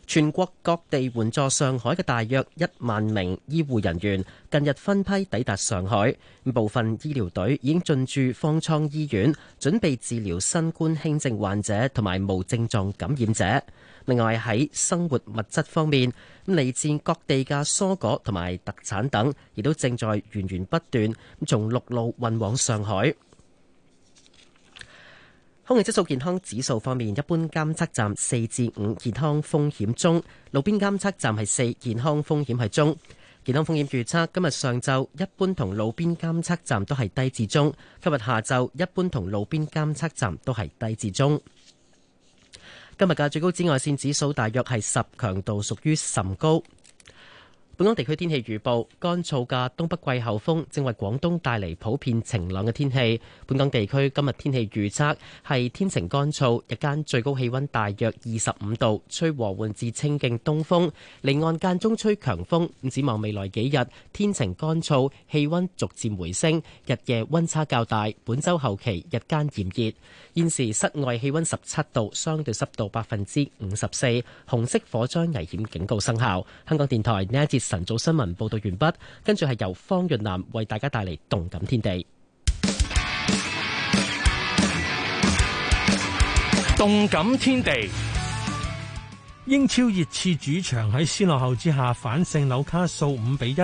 全國各地，援助上海嘅大約一萬名醫護人員，近日分批抵達上海，部分醫療隊已經進駐方艙醫院，準備治療新冠輕症患者同埋無症狀感染者。另外喺生活物資方面，嚟自各地嘅蔬果同埋特產等，亦都正在源源不斷從陸路運往上海。空氣質素健康指數方面，一般監測站四至五，健康風險中；路邊監測站係四，健康風險係中。健康風險預測今日上晝一般同路邊監測站都係低至中，今日下晝一般同路邊監測站都係低至中。今日嘅最高紫外線指數大約係十，強度屬於甚高。本港地區天氣預報，乾燥嘅東北季候風正為廣東帶嚟普遍晴朗嘅天氣。本港地區今日天氣預測係天晴乾燥，日間最高氣溫大約二十五度，吹和緩至清勁東風，離岸間中吹強風。展望未來幾日，天晴乾燥，氣溫逐漸回升，日夜溫差較大。本週後期日間炎熱。現時室外氣溫十七度，相對濕度百分之五十四，紅色火災危險警告生效。香港電台呢一節，晨早新聞報道完畢，跟住係由方潤南為大家帶嚟動感天地。動感天地，英超熱刺主場喺先落後之下反勝紐卡素，五比一。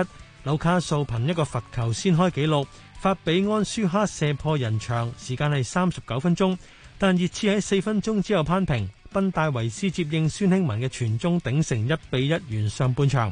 紐卡素憑一個罰球先開紀錄，法比安舒克射破人牆，時間係三十九分鐘。但熱刺喺四分鐘之後攀平，賓戴維斯接應孫興文嘅傳中頂成一比一完上半場。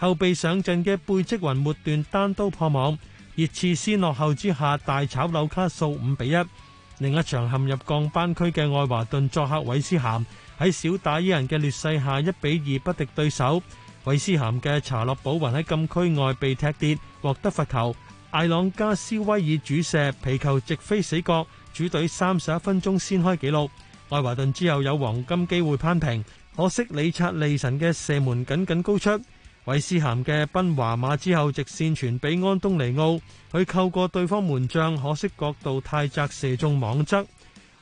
後備上陣嘅背積雲末段單刀破網，熱刺先落後之下大炒紐卡素五比一。另一場陷入降班區嘅愛華頓作客韋斯咸，喺少打一人嘅劣勢下一比二不敵對手。韋斯咸嘅查洛保雲喺禁區外被踢跌，獲得罰球，艾朗加斯威爾主射皮球直飛死角，主隊三十一分鐘先開紀錄。愛華頓之後有，有黃金機會攀平，可惜里察利神嘅射門僅僅高出。韋斯咸嘅奔華馬之後直線傳俾安東尼奧，佢扣過對方門將，可惜角度太窄射中網側。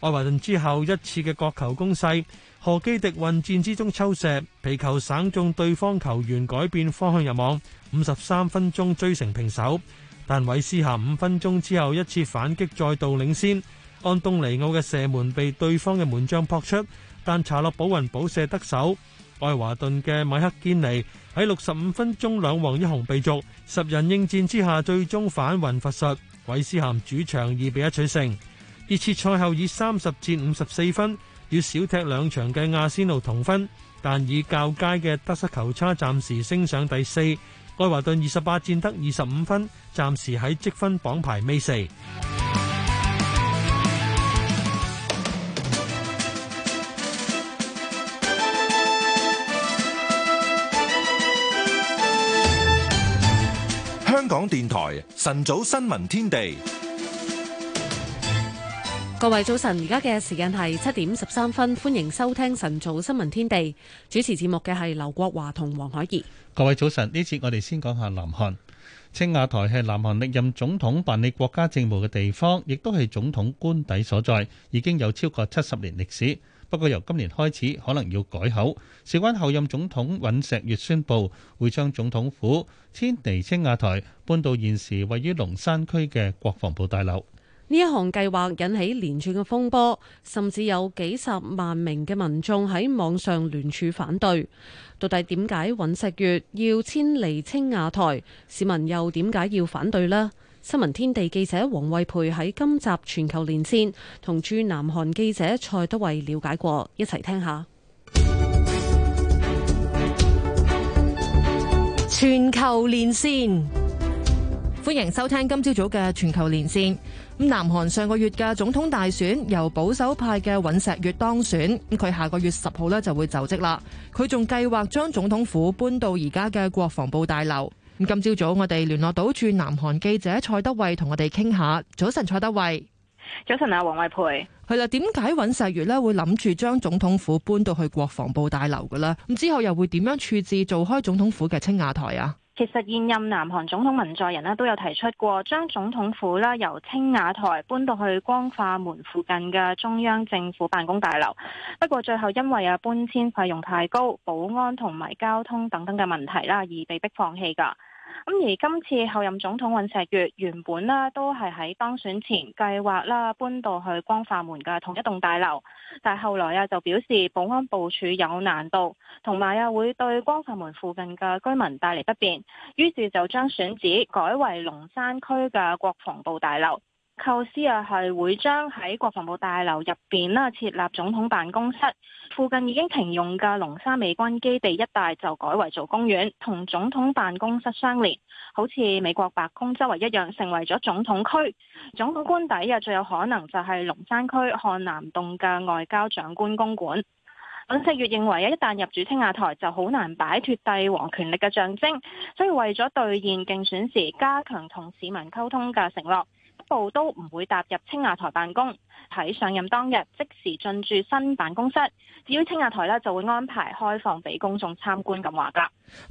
愛華頓之後一次嘅角球攻勢，何基迪混戰之中抽射，皮球省中對方球員改變方向入網，五十三分鐘追成平手。但韋斯咸五分鐘之後一次反擊再度領先，安東尼奧嘅射門被對方嘅門將撲出，但查洛寶雲補射得手。愛華頓嘅米克堅尼喺六十五分鐘兩黃一紅被逐，十人應戰之下最終返魂乏術，韋斯咸主場二比一取勝。熱切賽後以三十戰五十四分與少踢兩場嘅阿仙奴同分，但以較佳嘅得失球差暫時升上第四。愛華頓二十八戰得二十五分，暫時喺積分榜排尾四。港電台晨早新聞天地，各位早晨，而家嘅時間係七點十三分，歡迎收聽晨早新聞天地。主持節目嘅係劉國華同黃海怡。各位早晨，呢次我哋先講下南韓。青瓦台係南韓歷任總統辦理國家政務嘅地方，亦都係總統官邸所在，已經有超過七十年歷史。不過由今年開始可能要改口。事關候任總統尹錫悅宣布會將總統府遷離青瓦台，搬到現時位於龍山區嘅國防部大樓。呢一項計劃引起連串嘅風波，甚至有幾十萬名嘅民眾喺網上聯署反對。到底點解尹錫悅要遷離青瓦台？市民又點解要反對呢？新聞天地記者王慧培喺今集全球連線，同駐南韓記者蔡德慧了解過，一齊聽一下。全球連線，連線歡迎收聽今朝早嘅全球連線。咁南韓上個月嘅總統大選由保守派嘅尹錫悅當選，咁佢下個月十號呢就會就職啦。佢仲計劃將總統府搬到而家嘅國防部大樓。咁今朝早，早我哋聯絡到駐南韓記者蔡德慧同我哋傾下。早晨，蔡德慧。早晨啊，黃偉培。係啦，點解尹錫悅咧會諗住將總統府搬到去國防部大樓噶咧？咁之後又會點樣處置做開總統府嘅青瓦台啊？其實現任南韓總統文在寅咧都有提出過，將總統府啦由青瓦台搬到去光化門附近嘅中央政府辦公大樓，不過最後因為啊搬遷費用太高、保安同埋交通等等嘅問題啦，而被迫放棄㗎。咁而今次候任總統尹錫悅原本啦都係喺當選前計劃啦搬到去光化門嘅同一棟大樓，但係後來啊就表示保安部署有難度，同埋啊會對光化門附近嘅居民帶嚟不便，於是就將選址改為龍山區嘅國防部大樓。構思又係會將喺國防部大樓入邊啦設立總統辦公室，附近已經停用嘅龍山美軍基地一帶就改為做公園，同總統辦公室相連，好似美國白宮周圍一樣，成為咗總統區。總統官邸又最有可能就係龍山區漢南洞嘅外交長官公館。尹錫悅認為啊，一旦入主青瓦台，就好難擺脱帝王權力嘅象徵，所以為咗兌現競選時加強同市民溝通嘅承諾，部都唔會踏入青瓦台辦公，喺上任當日即時進駐新辦公室。至於青瓦台呢就會安排開放俾公眾參觀咁話㗎。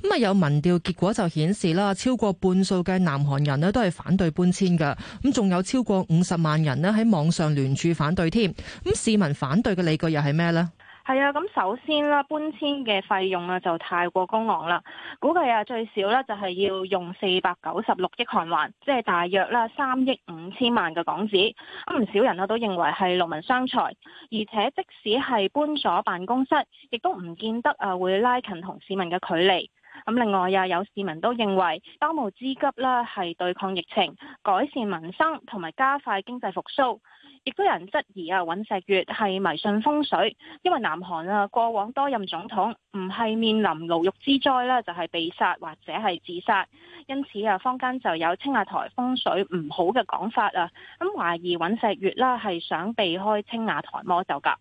咁啊、嗯、有民調結果就顯示啦，超過半數嘅南韓人呢都係反對搬遷嘅，咁仲有超過五十萬人呢喺網上聯署反對添。咁、嗯、市民反對嘅理據又係咩呢？係啊，咁首先啦，搬遷嘅費用啊就太過高昂啦，估計啊最少呢就係要用四百九十六億韓元，即係大約啦三億五千萬嘅港紙。咁唔少人啊都認為係勞民傷財，而且即使係搬咗辦公室，亦都唔見得啊會拉近同市民嘅距離。咁另外啊，有市民都認為當務之急咧係對抗疫情、改善民生同埋加快經濟復甦。亦都有人質疑啊，尹錫悅係迷信風水，因為南韓啊過往多任總統唔係面臨牢獄之災啦，就係、是、被殺或者係自殺，因此啊，坊間就有青瓦台風水唔好嘅講法啊，咁懷疑尹錫悅啦係想避開青瓦台魔咒㗎。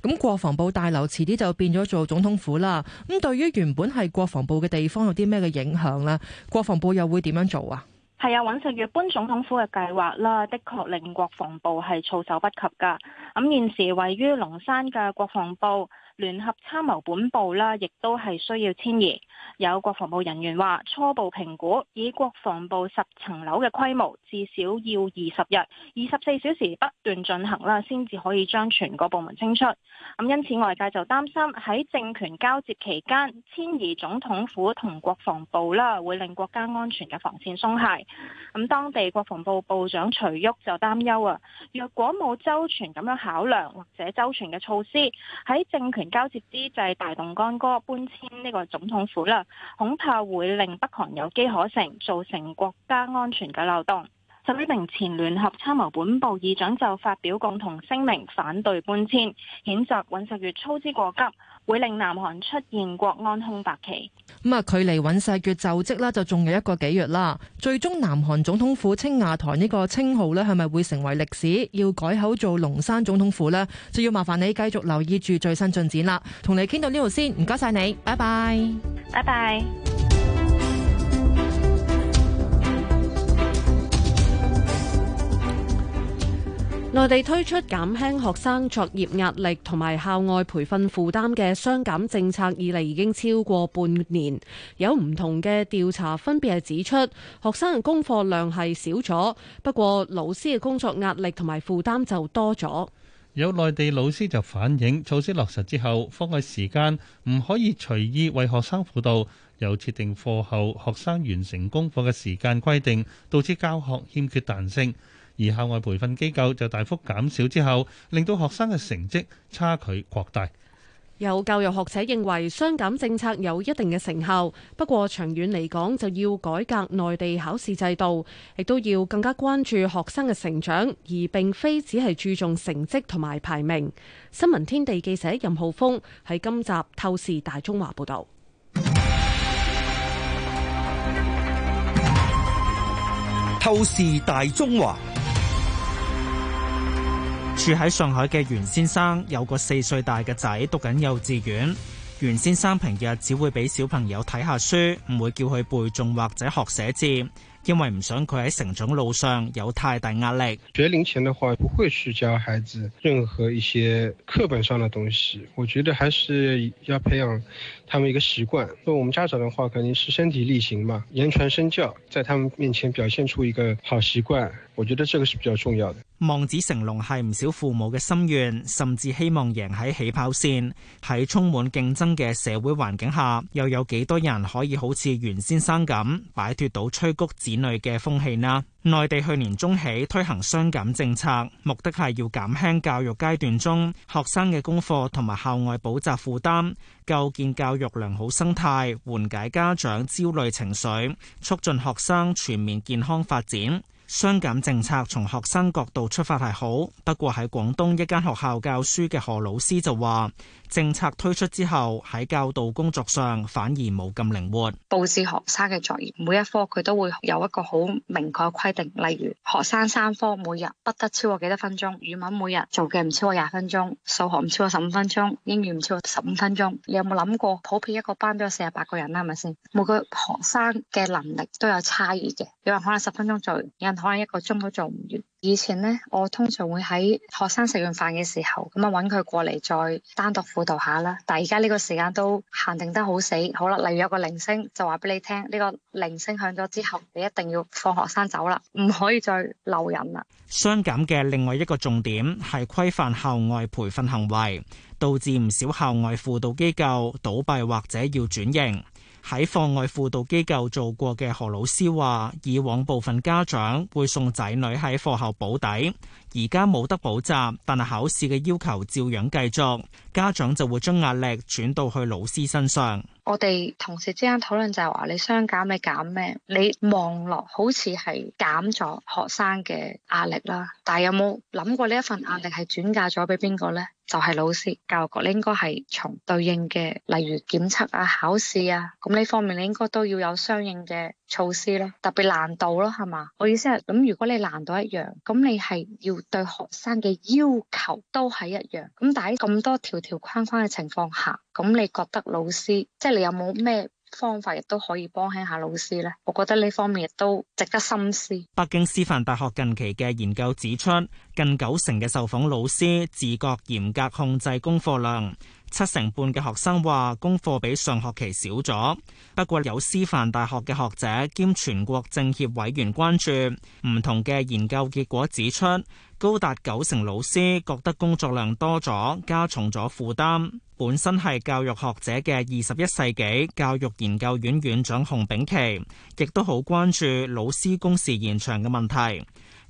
咁國防部大樓遲啲就變咗做總統府啦。咁對於原本係國防部嘅地方有啲咩嘅影響呢？國防部又會點樣做啊？係啊，尹錫悅搬總統府嘅計劃啦，的確令國防部係措手不及㗎。咁現時位於龍山嘅國防部，聯合參謀本部啦，亦都係需要遷移。有國防部人員話：初步評估，以國防部十層樓嘅規模，至少要二十日，二十四小時不斷進行啦，先至可以將全個部門清出。咁因此外界就擔心喺政權交接期間遷移總統府同國防部啦，會令國家安全嘅防線鬆懈。咁當地國防部部長徐旭就擔憂啊，若果冇周全咁樣考量或者周全嘅措施，喺政權。交接之際大動干戈搬遷呢個總統府啦，恐怕會令北韓有機可乘，造成國家安全嘅漏洞。十一名前聯合參謀本部議長就發表共同聲明反對搬遷，譴責尹錫悅操之過急，會令南韓出現國安空白期。咁啊，距離尹錫悅就職啦，就仲有一個幾月啦。最終南韓總統府青瓦台呢個稱號呢，係咪會成為歷史，要改口做龍山總統府呢，就要麻煩你繼續留意住最新進展啦。同你傾到呢度先，唔該晒你，拜拜，拜拜。內地推出減輕學生作業壓力同埋校外培訓負擔嘅雙減政策以嚟已經超過半年，有唔同嘅調查分別係指出，學生嘅功課量係少咗，不過老師嘅工作壓力同埋負擔就多咗。有內地老師就反映，措施落實之後，課外時間唔可以隨意為學生輔導，又設定課後學生完成功課嘅時間規定，導致教學欠缺彈性。而校外培訓機構就大幅減少之後，令到學生嘅成績差距擴大。有教育學者認為，雙減政策有一定嘅成效，不過長遠嚟講就要改革內地考試制度，亦都要更加關注學生嘅成長，而並非只係注重成績同埋排名。新聞天地記者任浩峰喺今集透視大中華報道。透視大中華。報住喺上海嘅袁先生有個四歲大嘅仔讀緊幼稚園。袁先生平日只會俾小朋友睇下書，唔會叫佢背誦或者學寫字，因為唔想佢喺成長路上有太大壓力。學齡前嘅話，不會去教孩子任何一些課本上的東西。我覺得還是要培養。他們一個習慣，做我們家長的話，肯定是身體力行嘛，言傳身教，在他們面前表現出一個好習慣，我覺得這個是比較重要的。望子成龍係唔少父母嘅心願，甚至希望贏喺起跑線。喺充滿競爭嘅社會環境下，又有幾多人可以好似袁先生咁擺脫到催谷子女嘅風氣呢？內地去年中起推行雙減政策，目的係要減輕教育階段中學生嘅功課同埋校外補習負擔，構建教育良好生態，緩解家長焦慮情緒，促進學生全面健康發展。雙減政策從學生角度出發係好，不過喺廣東一間學校教書嘅何老師就話。政策推出之後，喺教導工作上反而冇咁靈活佈置學生嘅作業，每一科佢都會有一個好明確嘅規定。例如學生三科每日不得超過幾多分鐘，語文每日做嘅唔超過廿分鐘，數學唔超過十五分鐘，英語唔超過十五分鐘。你有冇諗過，普遍一個班都有四十八個人啦，係咪先？每個學生嘅能力都有差異嘅，有人可能十分鐘做完，有人可能一個鐘都做唔完。以前咧，我通常會喺學生食完飯嘅時候咁啊，揾佢，過嚟再單獨輔導下啦。但係而家呢個時間都限定得好死，好啦，例如有個鈴聲就話俾你聽，呢個鈴聲響咗之後，你一定要放學生走啦，唔可以再留人啦。雙減嘅另外一個重點係規範校外培訓行為，導致唔少校外輔導機構倒閉或者要轉型。喺課外輔導機構做過嘅何老師話，以往部分家長會送仔女喺課後補底，而家冇得補習，但係考試嘅要求照樣繼續，家長就會將壓力轉到去老師身上。我哋同事之間討論就係話：你雙減咪減咩？你望落好似係減咗學生嘅壓力啦，但係有冇諗過呢一份壓力係轉嫁咗俾邊個呢？就係老師，教育局，你應該係從對應嘅，例如檢測啊、考試啊，咁呢方面你應該都要有相應嘅措施咯，特別難度咯，係嘛？我意思係，咁如果你難度一樣，咁你係要對學生嘅要求都係一樣，咁但係喺咁多條條框框嘅情況下，咁你覺得老師，即係你有冇咩？方法亦都可以幫輕下老師咧，我覺得呢方面亦都值得深思。北京師範大學近期嘅研究指出，近九成嘅受訪老師自覺嚴格控制功課量。七成半嘅學生話功課比上學期少咗，不過有師範大學嘅學者兼全國政協委員關注，唔同嘅研究結果指出，高達九成老師覺得工作量多咗，加重咗負擔。本身係教育學者嘅二十一世紀教育研究院院長洪炳琪亦都好關注老師工時延長嘅問題，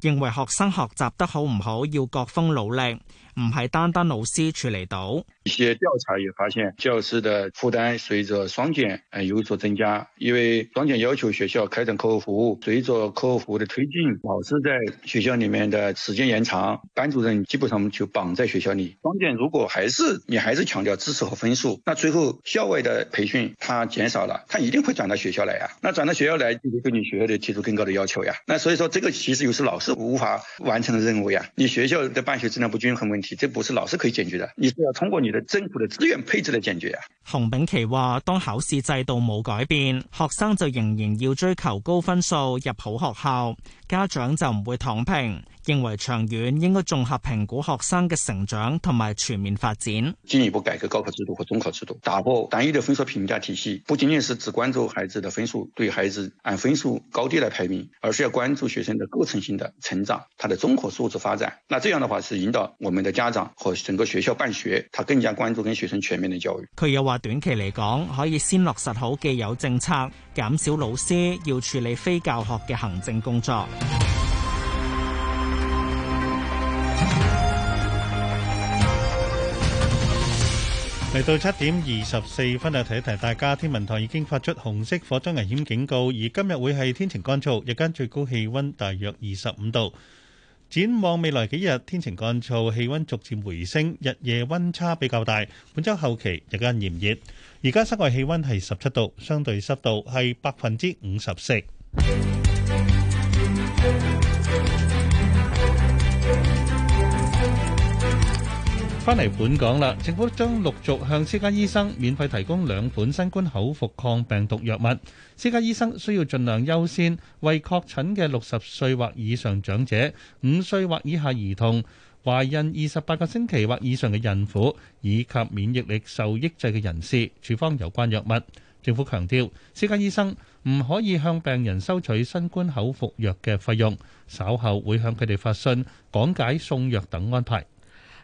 認為學生學習得好唔好要各方努力。唔係單單老師處理到。一些調查也發現，教師的負擔隨着雙減誒有所增加，因為雙減要求學校開展課後服務，隨着課後服務的推進，老師在學校裏面的時間延長，班主任基本上就綁在學校裏。雙減如果還是你還是強調知識和分數，那最後校外的培訓它減少了，它一定會轉到學校來啊。那轉到學校來，就會對你學校的提出更高的要求呀、啊。那所以說，這個其實又是老師無法完成的任務呀、啊。你學校的辦學質量不均衡問題。這不是老師可以解決的，你是要通過你的政府的資源配置來解決啊。洪炳琦話：當考試制度冇改變，學生就仍然要追求高分數入好學校，家長就唔會躺平。認為長遠應該綜合評估學生嘅成長同埋全面發展，進一步改革高考制度和中考制度，打破單一嘅分數評價體系，不僅僅是只關注孩子的分數，對孩子按分數高低來排名，而是要關注學生的過程性的成長，它的綜合素質發展。那這樣的話，是引導我們的家長和整個學校辦學，他更加關注跟學生全面的教育。佢又話，短期嚟講可以先落實好既有政策，減少老師要處理非教學嘅行政工作。嚟到七點二十四分，就提一提大家。天文台已經發出紅色火災危險警告，而今日會係天晴乾燥，日間最高氣溫大約二十五度。展望未來幾日，天晴乾燥，氣溫逐漸回升，日夜溫差比較大。本周後期日間炎熱，而家室外氣溫係十七度，相對濕度係百分之五十四。翻嚟本港啦，政府將陸續向私家醫生免費提供兩款新冠口服抗病毒藥物。私家醫生需要盡量優先為確診嘅六十歲或以上長者、五歲或以下兒童、懷孕二十八個星期或以上嘅孕婦以及免疫力受抑制嘅人士處方有關藥物。政府強調，私家醫生唔可以向病人收取新冠口服藥嘅費用。稍後會向佢哋發信講解送藥等安排。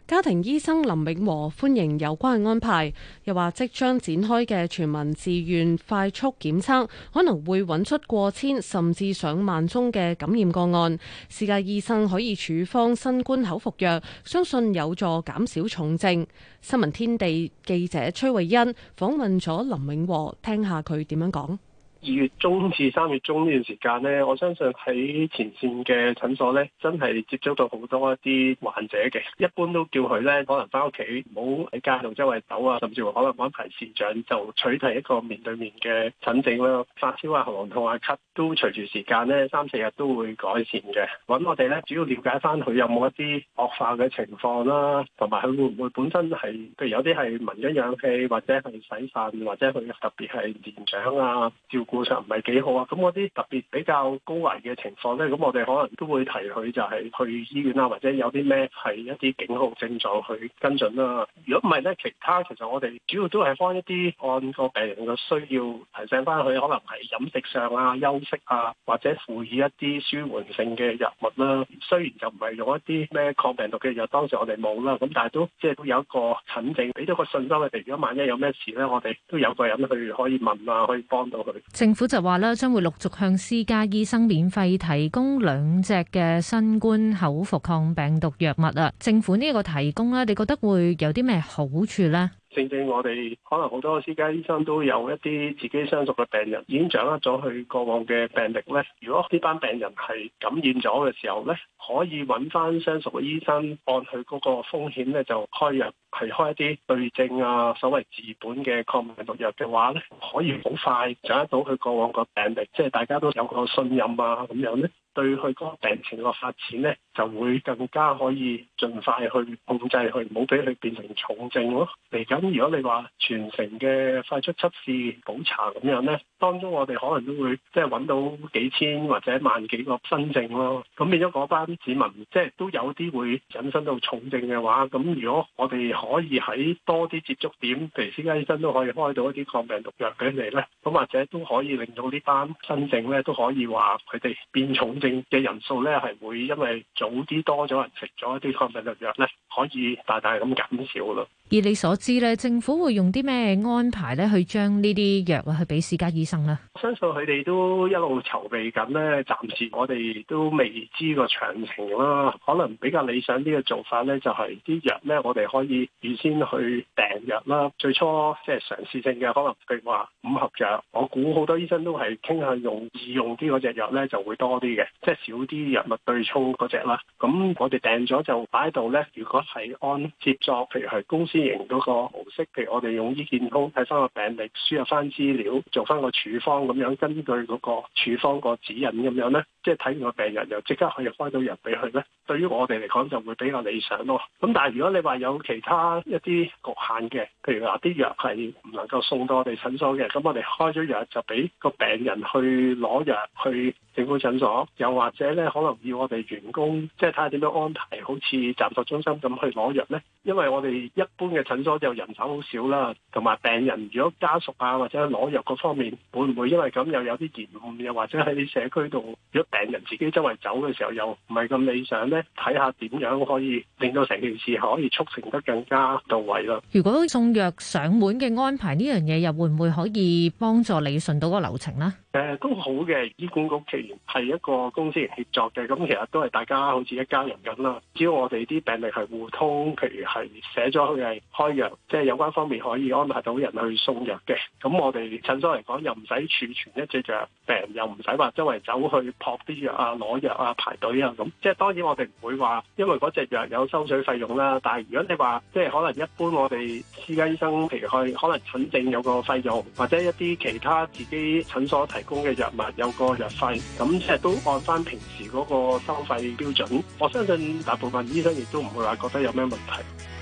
家庭醫生林永和歡迎有關嘅安排，又話即將展開嘅全民自願快速檢測可能會揾出過千甚至上萬宗嘅感染個案。私家醫生可以處方新冠口服藥，相信有助減少重症。新聞天地記者崔慧欣訪問咗林永和，聽下佢點樣講。二月中至三月中呢段時間咧，我相信喺前線嘅診所咧，真係接觸到好多一啲患者嘅。一般都叫佢咧，可能翻屋企唔好喺街度周圍走啊，甚至乎可能安排線上就取替一個面對面嘅診症咯。發燒啊、喉嚨痛啊、咳、啊啊啊，都隨住時間咧，三四日都會改善嘅。揾我哋咧，主要了解翻佢有冇一啲惡化嘅情況啦，同埋佢會唔會本身係譬如有啲係聞咗氧氣或者係洗滌，或者佢特別係年長啊，照顧。事實上唔係幾好啊，咁我啲特別比較高危嘅情況咧，咁我哋可能都會提佢就係去醫院啦，或者有啲咩係一啲警號症狀去跟進啦。如果唔係咧，其他其實我哋主要都係幫一啲按個病人嘅需要提醒翻佢，可能係飲食上啊、休息啊，或者輔以一啲舒緩性嘅藥物啦。雖然就唔係用一啲咩抗病毒嘅藥，當時我哋冇啦，咁但係都即係都有一個診症，俾咗個信心佢，如果萬一有咩事咧，我哋都有個人去可以問啊，可以幫到佢。政府就話咧，將會陸續向私家醫生免費提供兩隻嘅新冠口服抗病毒藥物啦。政府呢個提供咧，你覺得會有啲咩好處呢？正正我哋可能好多私家醫生都有一啲自己相熟嘅病人，已經掌握咗佢過往嘅病歷咧。如果呢班病人係感染咗嘅時候咧，可以搵返相熟嘅醫生，按佢嗰個風險咧就開藥，係開一啲對症啊，所謂治本嘅抗病毒藥嘅話咧，可以好快掌握到佢過往個病歷，即係大家都有個信任啊咁樣咧，對佢嗰個病情嘅發展咧。就會更加可以盡快去控制，去唔好俾佢變成重症咯。嚟緊，如果你話全城嘅快速測試補查咁樣呢，當中我哋可能都會即係揾到幾千或者萬幾個新症咯。咁變咗嗰班市民，即係都有啲會引申到重症嘅話，咁如果我哋可以喺多啲接觸點，譬如私家醫生都可以開到一啲抗病毒藥俾你呢。咁或者都可以令到呢班新症呢都可以話佢哋變重症嘅人數呢，係會因為，早啲多咗人食咗一啲抗病毒藥咧，可以大大咁減少咯。而你所知咧，政府會用啲咩安排咧，去將呢啲藥去俾私家醫生咧？相信佢哋都一路籌備緊咧。暫時我哋都未知個詳情啦。可能比較理想啲嘅做法咧，就係啲藥咧，我哋可以預先去訂藥啦。最初即係嘗試性嘅，可能譬如話五合藥，我估好多醫生都係傾向用易用啲嗰隻藥咧，就會多啲嘅，即係少啲藥物對沖嗰隻啦。咁我哋訂咗就擺喺度咧。如果係按接作，譬如係公司型嗰個模式，譬如我哋用醫健通睇翻個病歷，輸入翻資料，做翻個處方咁樣，根據嗰個處方個指引咁樣咧，即係睇完個病人又即刻可以開到藥俾佢咧。對於我哋嚟講就會比較理想咯。咁但係如果你話有其他一啲局限嘅，譬如話啲藥係唔能夠送到我哋診所嘅，咁我哋開咗藥就俾個病人去攞藥去政府診所，又或者咧可能要我哋員工。即係睇下點樣安排，好似集作中心咁去攞藥呢？因為我哋一般嘅診所就人手好少啦，同埋病人如果家屬啊或者攞藥嗰方面，會唔會因為咁又有啲延誤？又或者喺啲社區度，如果病人自己周圍走嘅時候又唔係咁理想呢，睇下點樣可以令到成件事可以促成得更加到位咯。如果送藥上門嘅安排呢樣嘢，又會唔會可以幫助理順到個流程呢？誒，都好嘅。醫管局其實係一個公私協作嘅，咁其實都係大家。好似一家人咁啦，只要我哋啲病歷係互通，譬如係寫咗佢係開藥，即係有關方面可以安排到人去送藥嘅。咁我哋診所嚟講又唔使儲存一隻藥，病人又唔使話周圍走去撲啲藥啊、攞藥啊、排隊啊。咁即係當然我哋唔會話，因為嗰隻藥有收取費用啦。但係如果你話即係可能一般我哋私家醫生譬如去可能診症有個費用，或者一啲其他自己診所提供嘅藥物有個藥費，咁即係都按翻平時嗰個收費標準。 我相信大部分醫生亦都唔會話覺得有咩問題。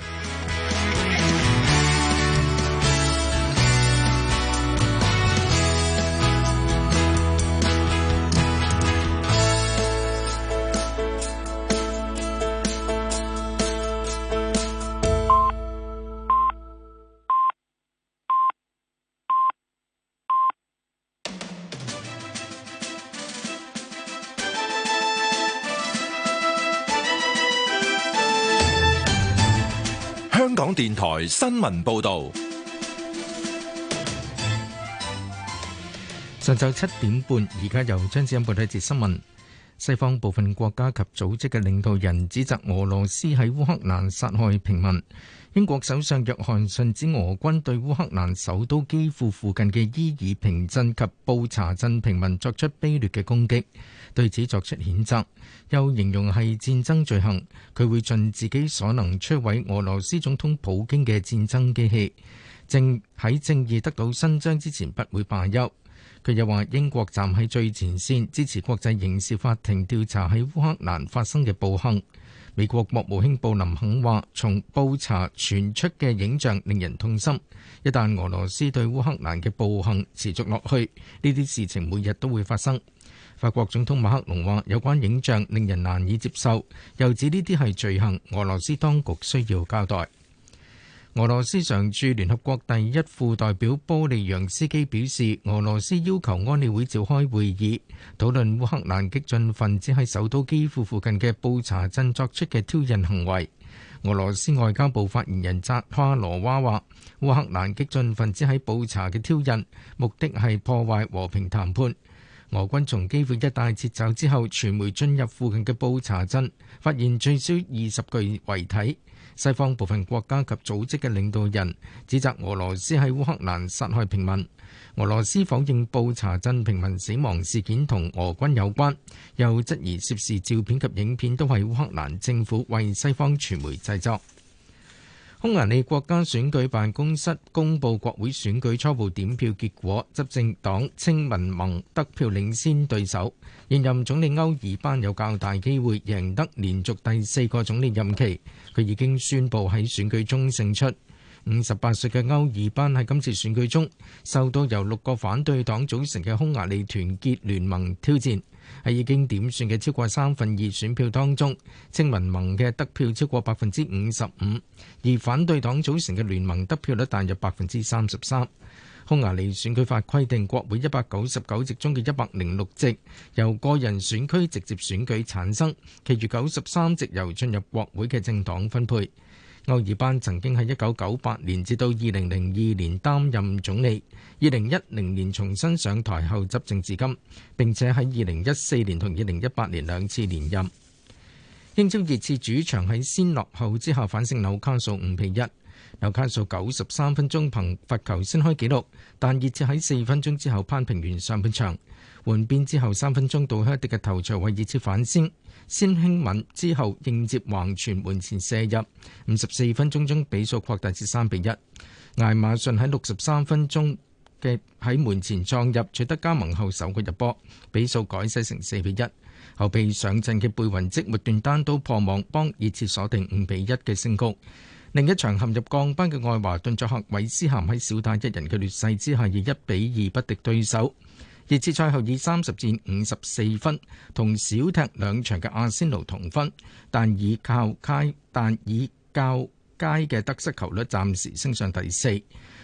電台新聞報道：上晝七點半，而家由張子欣帶大家接新聞。西方部分國家及組織嘅領導人指責俄羅斯喺烏克蘭殺害平民。英國首相約翰遜指俄軍對烏克蘭首都基輔附近嘅伊爾平鎮及布查鎮平民作出卑劣嘅攻擊。對此作出譴責，又形容係戰爭罪行。佢會盡自己所能摧毀俄羅斯總統普京嘅戰爭機器，正喺正義得到伸張之前，不會罷休。佢又話：英國站喺最前線，支持國際刑事法庭調查喺烏克蘭發生嘅暴行。美國國務卿布林肯話：從布查傳出嘅影像令人痛心。一旦俄羅斯對烏克蘭嘅暴行持續落去，呢啲事情每日都會發生。法國總統馬克龍話：有關影像令人難以接受，又指呢啲係罪行，俄羅斯當局需要交代。俄羅斯常駐聯合國第一副代表波利揚斯基表示，俄羅斯要求安理會召開會議，討論烏克蘭激進分子喺首都基輔附近嘅布查鎮作出嘅挑釁行為。俄羅斯外交部發言人扎哈羅娃話：烏克蘭激進分子喺布查嘅挑釁，目的係破壞和平談判。俄軍從基輔一帶撤走之後，傳媒進入附近嘅布查鎮，發現最少二十具遺體。西方部分國家及組織嘅領導人指責俄羅斯喺烏克蘭殺害平民，俄羅斯否認布查鎮平民死亡事件同俄軍有關，又質疑涉事照片及影片都係烏克蘭政府為西方傳媒製作。匈牙利國家選舉辦公室公佈國會選舉初步點票結果，執政黨青民盟得票領先對手，現任總理歐爾班有較大機會贏得連續第四個總理任期。佢已經宣布喺選舉中勝出。五十八歲嘅歐爾班喺今次選舉中受到由六個反對黨組成嘅匈牙利團結聯盟挑戰。喺已經點算嘅超過三分二選票當中，青民盟嘅得票超過百分之五十五，而反對黨組成嘅聯盟得票率大約百分之三十三。匈牙利選舉法規定，國會一百九十九席中嘅一百零六席由個人選區直接選舉產生，其餘九十三席由進入國會嘅政黨分配。歐爾班曾經喺一九九八年至到二零零二年擔任總理，二零一零年重新上台後執政至今，並且喺二零一四年同二零一八年兩次連任。英超熱刺主場喺先落後之後反勝紐卡素五比一，紐卡素九十三分鐘憑罰球先開紀錄，但熱刺喺四分鐘之後攀平完上半場，換邊之後三分鐘到克迪嘅頭槌為熱刺反先。先興穩之後應接橫傳門前射入，五十四分鐘將比數擴大至三比一。艾馬遜喺六十三分鐘嘅喺門前撞入，取得加盟後首個入波，比數改寫成四比一。後備上陣嘅貝雲積末段單刀破網，幫熱刺鎖定五比一嘅勝局。另一場陷入降班嘅愛華頓作客，韋斯咸喺少打一人嘅劣勢之下，以一比二不敵對手。熱刺賽後以三十戰五十四分同小踢兩場嘅阿仙奴同分，但以靠佳但以較佳嘅得失球率暫時升上第四。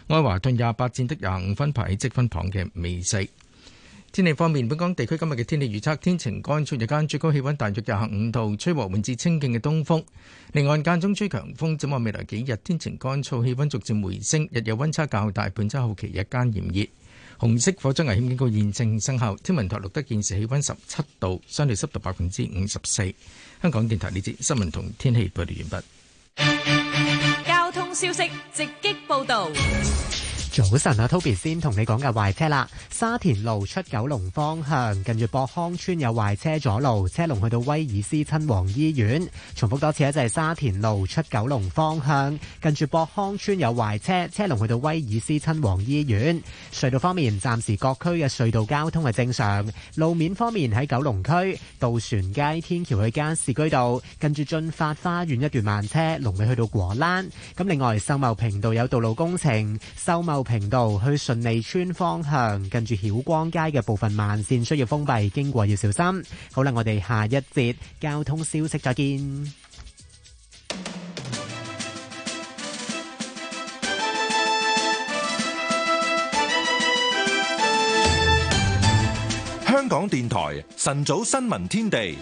愛華頓廿八戰得廿五分，排喺積分榜嘅尾四。天氣方面，本港地區今日嘅天氣預測，天晴乾燥，日間最高氣温大約廿五度，吹和緩至清勁嘅東風。離岸間中吹強風。展望未來幾日天晴乾燥，氣温逐漸回升，日日温差較大。本週後期日間炎熱。紅色火災危險警告現正生效。天文台錄得現時氣温十七度，相對濕度百分之五十四。香港電台呢節新聞同天氣播報完畢。交通消息直擊報導。早晨啊，Toby 先同你講嘅壞車啦。沙田路出九龍方向，近住博康邨有壞車阻路，車龍去到威爾斯親王醫院。重複多次啦，就係、是、沙田路出九龍方向，近住博康邨有壞車，車龍去到威爾斯親王醫院。隧道方面，暫時各區嘅隧道交通係正常。路面方面喺九龍區渡船街天橋去加士居道，近住駿發花園一段慢車，龍尾去到果欄。咁另外秀茂坪道有道路工程，秀茂坪道頻道去順利村方向，近住曉光街嘅部分慢線需要封閉，經過要小心。好啦，我哋下一節交通消息，再見。香港電台晨早新聞天地。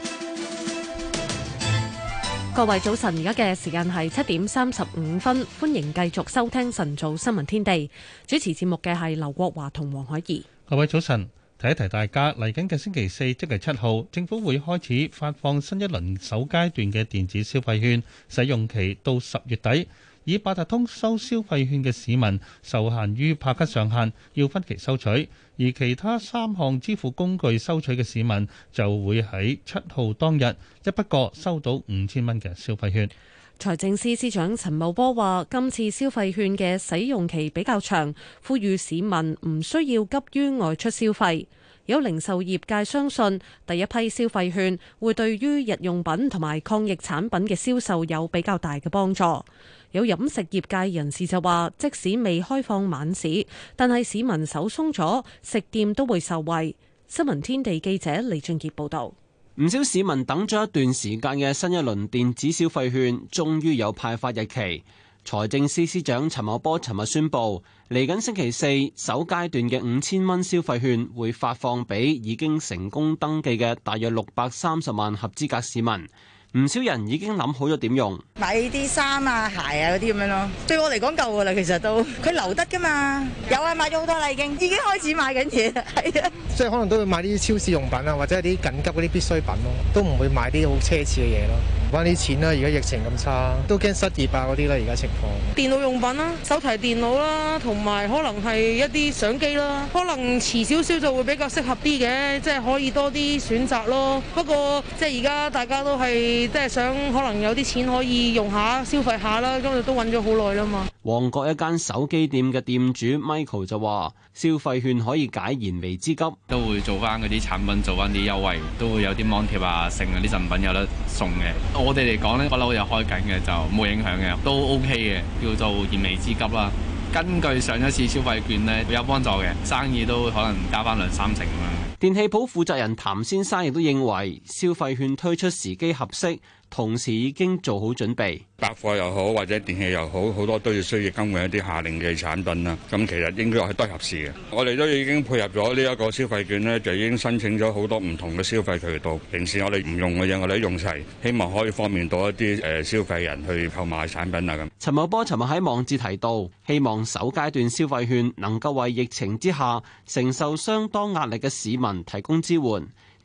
各位早晨，而家嘅時間係七點三十五分，歡迎繼續收聽晨早新聞天地。主持節目嘅係劉國華同黃海怡。各位早晨，提一提大家，嚟緊嘅星期四即係七號，政府會開始發放新一輪首階段嘅電子消費券，使用期到十月底。以八達通收消費券嘅市民受限於拍卡上限，要分期收取；而其他三項支付工具收取嘅市民就會喺七號當日一筆過收到五千蚊嘅消費券。財政司司長陳茂波話：今次消費券嘅使用期比較長，呼籲市民唔需要急於外出消費。有零售業界相信第一批消費券會對於日用品同埋抗疫產品嘅銷售有比較大嘅幫助。有飲食業界人士就話：即使未開放晚市，但係市民手鬆咗，食店都會受惠。新聞天地記者李俊傑報道。唔少市民等咗一段時間嘅新一輪電子消費券，終於有派發日期。財政司司長陳茂波尋日宣布，嚟緊星期四，首階段嘅五千蚊消費券會發放畀已經成功登記嘅大約六百三十萬合資格市民。唔少人已經諗好咗點用，買啲衫啊、鞋啊嗰啲咁樣咯。對我嚟講夠噶啦，其實都佢留得噶嘛。有啊，買咗好多啦，已經已經開始買緊嘢啦，係啊。即係可能都會買啲超市用品啊，或者係啲緊急嗰啲必需品咯，都唔會買啲好奢侈嘅嘢咯。還啲錢啦，而家疫情咁差，都驚失業啊嗰啲啦，而家情況。電腦用品啦，手提電腦啦，同埋可能係一啲相機啦，可能遲少少就會比較適合啲嘅，即係可以多啲選擇咯。不過即係而家大家都係。即係想可能有啲錢可以用下消費下啦，今日都揾咗好耐啦嘛。旺角一間手機店嘅店主 Michael 就話，消費券可以解燃眉之急。都會做翻嗰啲產品，做翻啲優惠，都會有啲 Mon 貼啊、剩啊啲贈品有得送嘅。我哋嚟講呢個樓有開緊嘅，就冇影響嘅，都 OK 嘅，叫做燃眉之急啦。根據上一次消費券呢，會有幫助嘅，生意都可能加翻兩三成啊。電器鋪負責人譚先生亦都認為，消費券推出時機合適。同時已經做好準備，百貨又好或者電器又好好多都要需要更換一啲夏令嘅產品啦。咁其實應該係都合適嘅。我哋都已經配合咗呢一個消費券呢就已經申請咗好多唔同嘅消費渠道。平時我哋唔用嘅嘢，我哋都用齊，希望可以方便到一啲誒消費人去購買產品啊。咁陳茂波尋日喺網誌提到，希望首階段消費券能夠為疫情之下承受相當壓力嘅市民提供支援。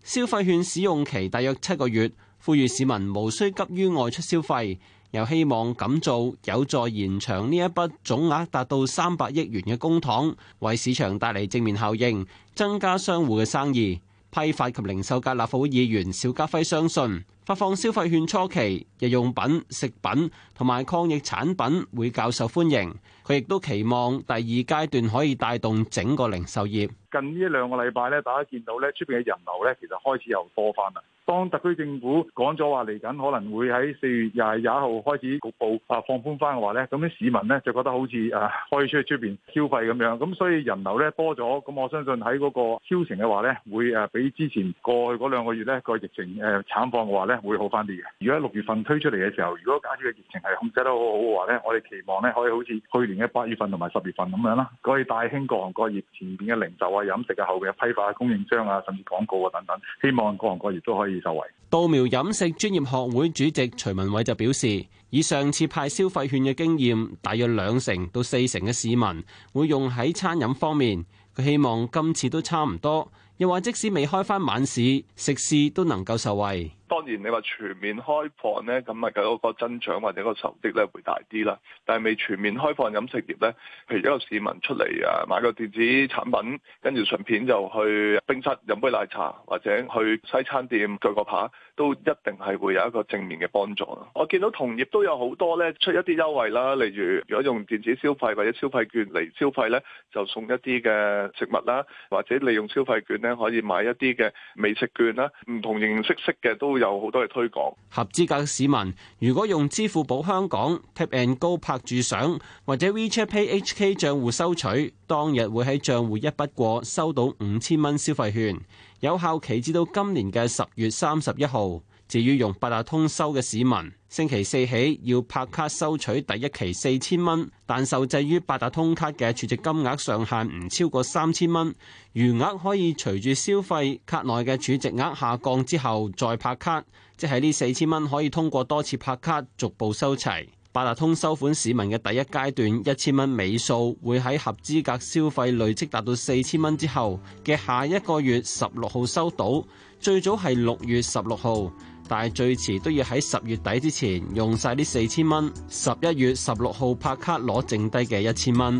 消費券使用期大約七個月。呼籲市民無需急於外出消費，又希望咁做有助延長呢一筆總額達到三百億元嘅公帑，為市場帶嚟正面效應，增加商戶嘅生意。批發及零售界立法會議員邵家輝相信，發放消費券初期，日用品、食品同埋抗疫產品會較受歡迎。佢亦都期望第二階段可以帶動整個零售業。近呢兩個禮拜咧，大家見到咧出邊嘅人流咧，其實開始又多翻啦。當特區政府講咗話嚟緊可能會喺四月廿廿一號開始局部啊放寬翻嘅話咧，咁啲市民咧就覺得好似誒可以出去出邊消費咁樣，咁所以人流咧多咗，咁我相信喺嗰個消情嘅話咧，會誒比之前過去嗰兩個月咧個疫情誒慘況嘅話咧會好翻啲嘅。如果喺六月份推出嚟嘅時候，如果假設嘅疫情係控制得好好嘅話咧，我哋期望咧可以好似去年嘅八月份同埋十月份咁樣啦，可以大興各行各業前邊嘅零售啊、飲食啊後邊嘅批發啊、供應商啊，甚至廣告啊等等，希望各行各業都可以。周稻苗飲食專業學會主席徐文偉就表示，以上次派消費券嘅經驗，大約兩成到四成嘅市民會用喺餐飲方面。佢希望今次都差唔多，又話即使未開翻晚市，食肆都能夠受惠。當然你話全面開放呢，咁物嘅嗰個增長或者個收益呢會大啲啦。但係未全面開放飲食業呢，譬如一個市民出嚟啊，買個電子產品，跟住順便就去冰室飲杯奶茶，或者去西餐店鋸個扒，都一定係會有一個正面嘅幫助。我見到同業都有好多呢，出一啲優惠啦，例如如果用電子消費或者消費券嚟消費呢，就送一啲嘅食物啦，或者利用消費券呢，可以買一啲嘅美食券啦，唔同形形式式嘅都會。有好多嘢推廣合資格市民，如果用支付寶香港 tap and go 拍住相，或者 WeChat Pay HK 賬戶收取，當日會喺賬戶一筆過收到五千蚊消費券，有效期至到今年嘅十月三十一號。至於用八達通收嘅市民，星期四起要拍卡收取第一期四千蚊，但受制於八達通卡嘅儲值金額上限唔超過三千蚊，餘額可以隨住消費卡內嘅儲值額下降之後再拍卡，即係呢四千蚊可以通過多次拍卡逐步收齊。八達通收款市民嘅第一階段一千蚊尾數會喺合資格消費累積達到四千蚊之後嘅下一個月十六號收到，最早係六月十六號。但係最遲都要喺十月底之前用晒呢四千蚊，十一月十六號拍卡攞剩低嘅一千蚊。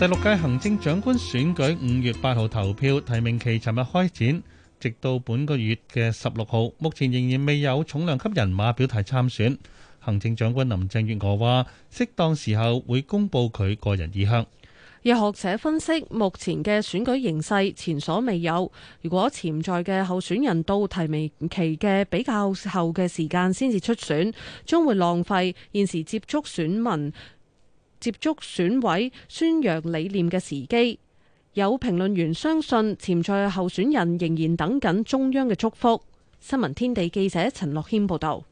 第六屆行政長官選舉五月八號投票提名期尋日開展，直到本個月嘅十六號，目前仍然未有重量級人馬表態參選。行政長官林鄭月娥話：適當時候會公佈佢個人意向。有學者分析，目前嘅選舉形勢前所未有。如果潛在嘅候選人到提名期嘅比較後嘅時間先至出選，將會浪費現時接觸選民、接觸選委、宣揚理念嘅時機。有評論員相信，潛在候選人仍然等緊中央嘅祝福。新聞天地記者陳樂謙報道。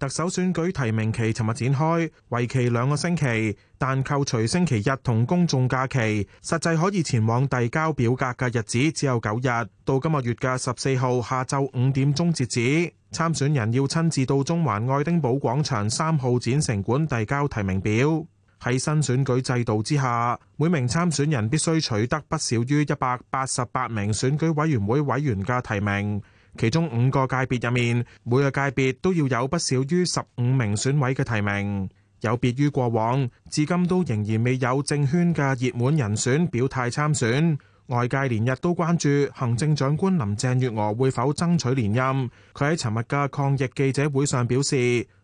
特首選舉提名期尋日展開，為期兩個星期，但扣除星期日同公眾假期，實際可以前往遞交表格嘅日子只有九日。到今個月嘅十四號下晝五點鐘截止。參選人要親自到中環愛丁堡廣場三號展城館遞交提名表。喺新選舉制度之下，每名參選人必須取得不少於一百八十八名選舉委員會委員嘅提名。其中五個界別入面，每個界別都要有不少於十五名選委嘅提名。有別於過往，至今都仍然未有政圈嘅熱門人選表態參選。外界連日都關注行政長官林鄭月娥會否爭取連任。佢喺尋日嘅抗疫記者會上表示，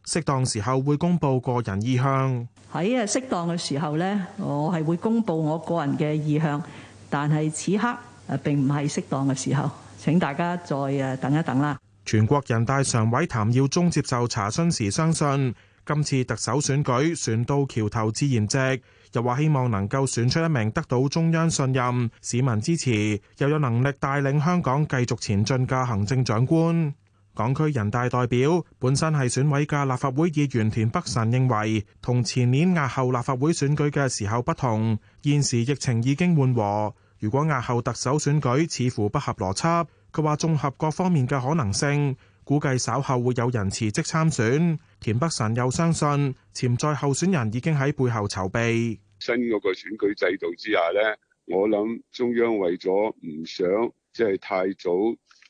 適當時候會公布個人意向。喺適當嘅時候咧，我係會公布我個人嘅意向，但係此刻並唔係適當嘅時候。請大家再誒等一等啦。全國人大常委譚耀宗接受查詢時相信今次特首選舉選到橋頭自然直，又話希望能夠選出一名得到中央信任、市民支持，又有能力帶領香港繼續前進嘅行政長官。港區人大代表本身係選委嘅立法會議員田北辰認為同前年押後立法會選舉嘅時候不同，現時疫情已經緩和，如果押後特首選舉似乎不合邏輯。佢話綜合各方面嘅可能性，估計稍後會有人辭職參選，田北辰又相信，潛在候選人已經喺背後籌備新嗰個選舉制度之下咧，我諗中央為咗唔想即係太早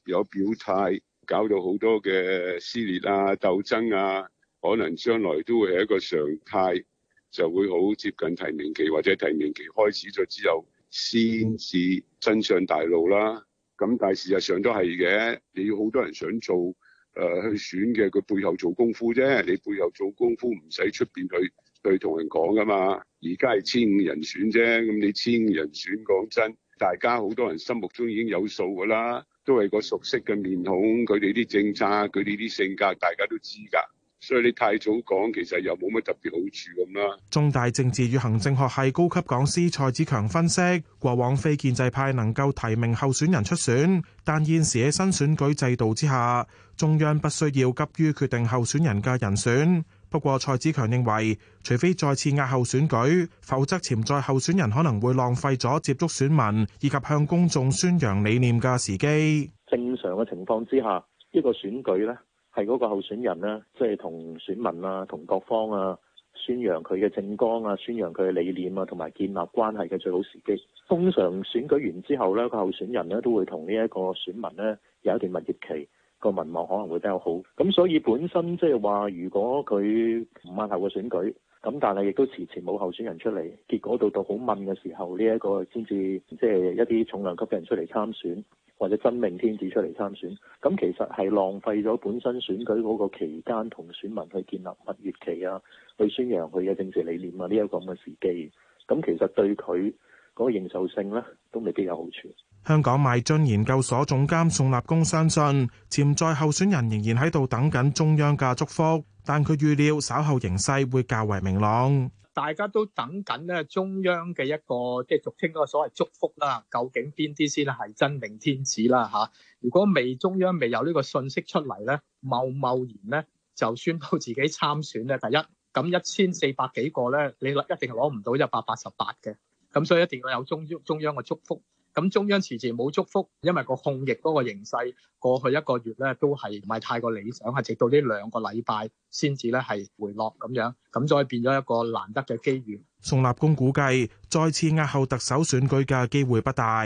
有表態，搞到好多嘅撕裂啊、鬥爭啊，可能將來都會係一個常態，就會好接近提名期或者提名期開始咗之後先至真相大露啦。咁但係事實上都係嘅，你要好多人想做，誒、呃、去選嘅，佢背後做功夫啫。你背後做功夫唔使出邊去去同人講噶嘛。而家係千五人選啫，咁你千五人選講真，大家好多人心目中已經有數㗎啦，都係個熟悉嘅面孔，佢哋啲政策、佢哋啲性格，大家都知㗎。所以你太早講，其實又冇乜特別好處咁啦。中大政治與行政學系高級講師蔡子強分析，過往非建制派能夠提名候選人出選，但現時喺新選舉制度之下，中央不需要急於決定候選人嘅人選。不過蔡子強認為，除非再次押後選舉，否則潛在候選人可能會浪費咗接觸選民以及向公眾宣揚理念嘅時機。正常嘅情況之下，呢個選舉咧，係嗰個候選人咧，即係同選民啊、同各方啊，宣揚佢嘅政綱啊，宣揚佢嘅理念啊，同埋建立關係嘅最好時機。通常選舉完之後咧，個候選人咧都會同呢一個選民咧有一段蜜月期，個民望可能會比較好。咁所以本身即係話，如果佢唔問候個選舉，咁但係亦都遲遲冇候選人出嚟，結果到到好問嘅時候，呢、這個、一個先至即係一啲重量級嘅人出嚟參選。或者真命天子出嚟參選，咁其實，係浪費咗本身選舉嗰個期間同選民去建立蜜月期啊，去宣揚佢嘅政治理念啊，呢一個咁嘅時機，咁其實對佢嗰個認受性咧都未必有好處。香港邁進研究所總監宋立功相信潛在候選人仍然喺度等緊中央嘅祝福，但佢預料稍後形勢會較為明朗。大家都等緊咧中央嘅一個即係俗稱嗰個所謂祝福啦，究竟邊啲先啦係真命天子啦、啊、嚇？如果未中央未有呢個信息出嚟咧，貿貿然咧就宣佈自己參選咧，第一咁一千四百幾個咧，你一定係攞唔到一百八十八嘅，咁所以一定要有中中央嘅祝福。咁中央遲遲冇祝福，因為個控疫嗰個形勢過去一個月咧都係唔係太過理想，係直到呢兩個禮拜先至咧係回落咁樣，咁再變咗一個難得嘅機遇。宋立功估計再次押後特首選舉嘅機會不大。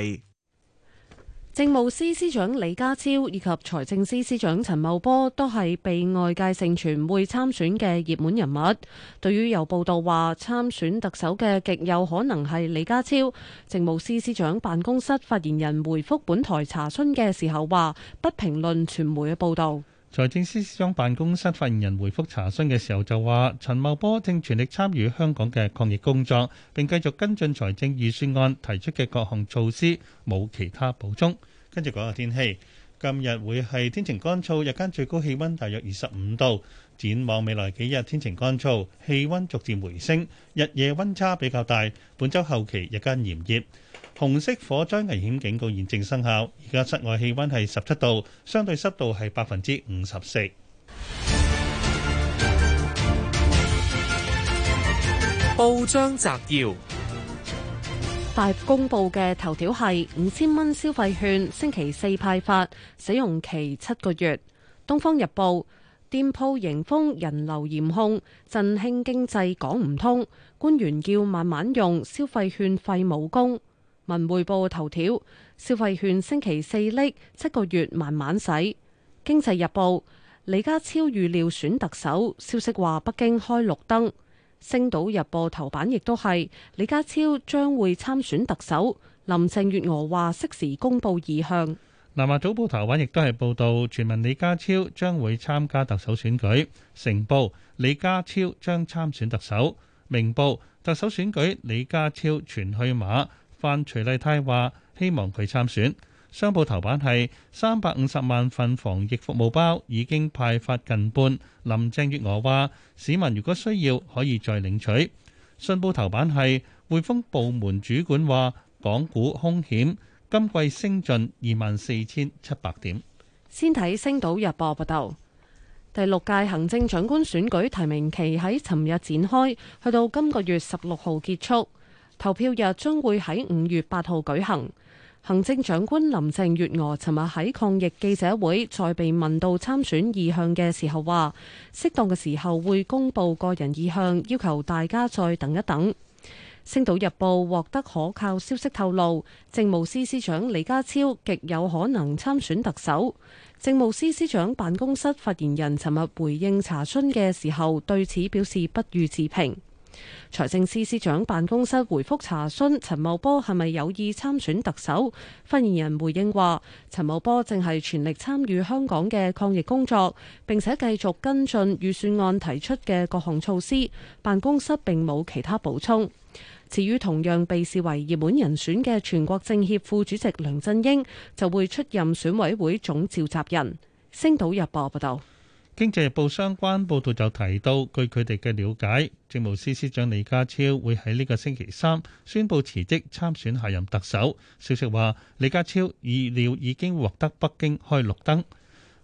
政務司司長李家超以及財政司司長陳茂波都係被外界盛傳會參選嘅熱門人物。對於有報道話參選特首嘅，極有可能係李家超，政務司司長辦公室發言人回覆本台查詢嘅時候話：不評論傳媒嘅報道。財政司司長辦公室發言人回覆查詢嘅時候就話：陳茂波正全力參與香港嘅抗疫工作，並繼續跟進財政預算案提出嘅各項措施，冇其他補充。跟住講下天氣。今日會係天晴乾燥，日間最高氣溫大約二十五度。展望未來幾日天晴乾燥，氣溫逐漸回升，日夜溫差比較大。本周後期日間炎熱，紅色火災危險警告現正生效。而家室外氣溫係十七度，相對濕度係百分之五十四。報章摘要。大公報嘅頭條係五千蚊消費券星期四派發，使用期七個月。東方日報：店鋪迎風，人流嚴控，振興經濟講唔通。官員叫慢慢用消費券，廢武功。文匯報頭條：消費券星期四搦，七個月慢慢使。經濟日報：李家超預料選特首，消息話北京開綠燈。星島日報頭版亦都係李家超將會參選特首，林鄭月娥話適時公佈意向。南華早報頭版亦都係報道，傳聞李家超將會參加特首選舉。成報，李家超將參選特首。明報，特首選舉李家超傳去馬，范徐麗泰話希望佢參選。商報頭版係三百五十萬份防疫服務包已經派發近半，林鄭月娥話市民如果需要可以再領取。信報頭版係匯豐部門主管話港股凶險，今季升進二萬四千七百點。先睇《星島日報》報道，第六屆行政長官選舉提名期喺尋日展開，去到今個月十六號結束，投票日將會喺五月八號舉行。行政長官林鄭月娥尋日喺抗疫記者會，再被問到參選意向嘅時候，話適當嘅時候會公布個人意向，要求大家再等一等。星島日報獲得可靠消息透露，政務司司司長李家超極有可能參選特首。政務司司司長辦公室發言人尋日回應查詢嘅時候，對此表示不予置評。財政司司長辦公室回覆查詢，陳茂波係咪有意參選特首？發言人回應話：陳茂波正係全力參與香港嘅抗疫工作，並且繼續跟進預算案提出嘅各項措施。辦公室並冇其他補充。至於同樣被視為熱門人選嘅全國政協副主席梁振英，就會出任選委會總召集人。星島日報報道。經濟日報相關報導就提到，據佢哋嘅了解，政務司司長李家超會喺呢個星期三宣布辭職參選下任特首。消息話，李家超預料已經獲得北京開綠燈。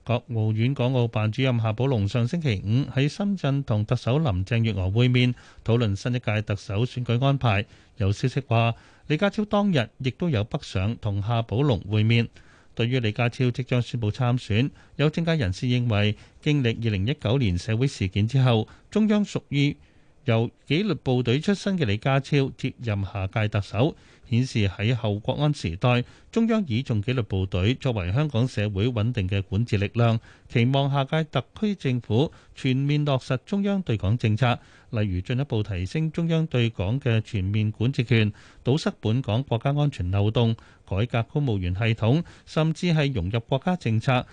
國務院港澳辦主任夏寶龍上星期五喺深圳同特首林鄭月娥會面，討論新一屆特首選舉安排。有消息話，李家超當日亦都有北上同夏寶龍會面。對於李家超即將宣布參選，有政界人士認為，經歷二零一九年社會事件之後，中央屬於由紀律部隊出身嘅李家超接任下屆特首，顯示喺後國安時代，中央倚重紀律部隊作為香港社會穩定嘅管治力量。期望下屆特區政府全面落實中央對港政策，例如進一步提升中央對港嘅全面管治權，堵塞本港國家安全漏洞，改革公務員系統，甚至係融入國家政策，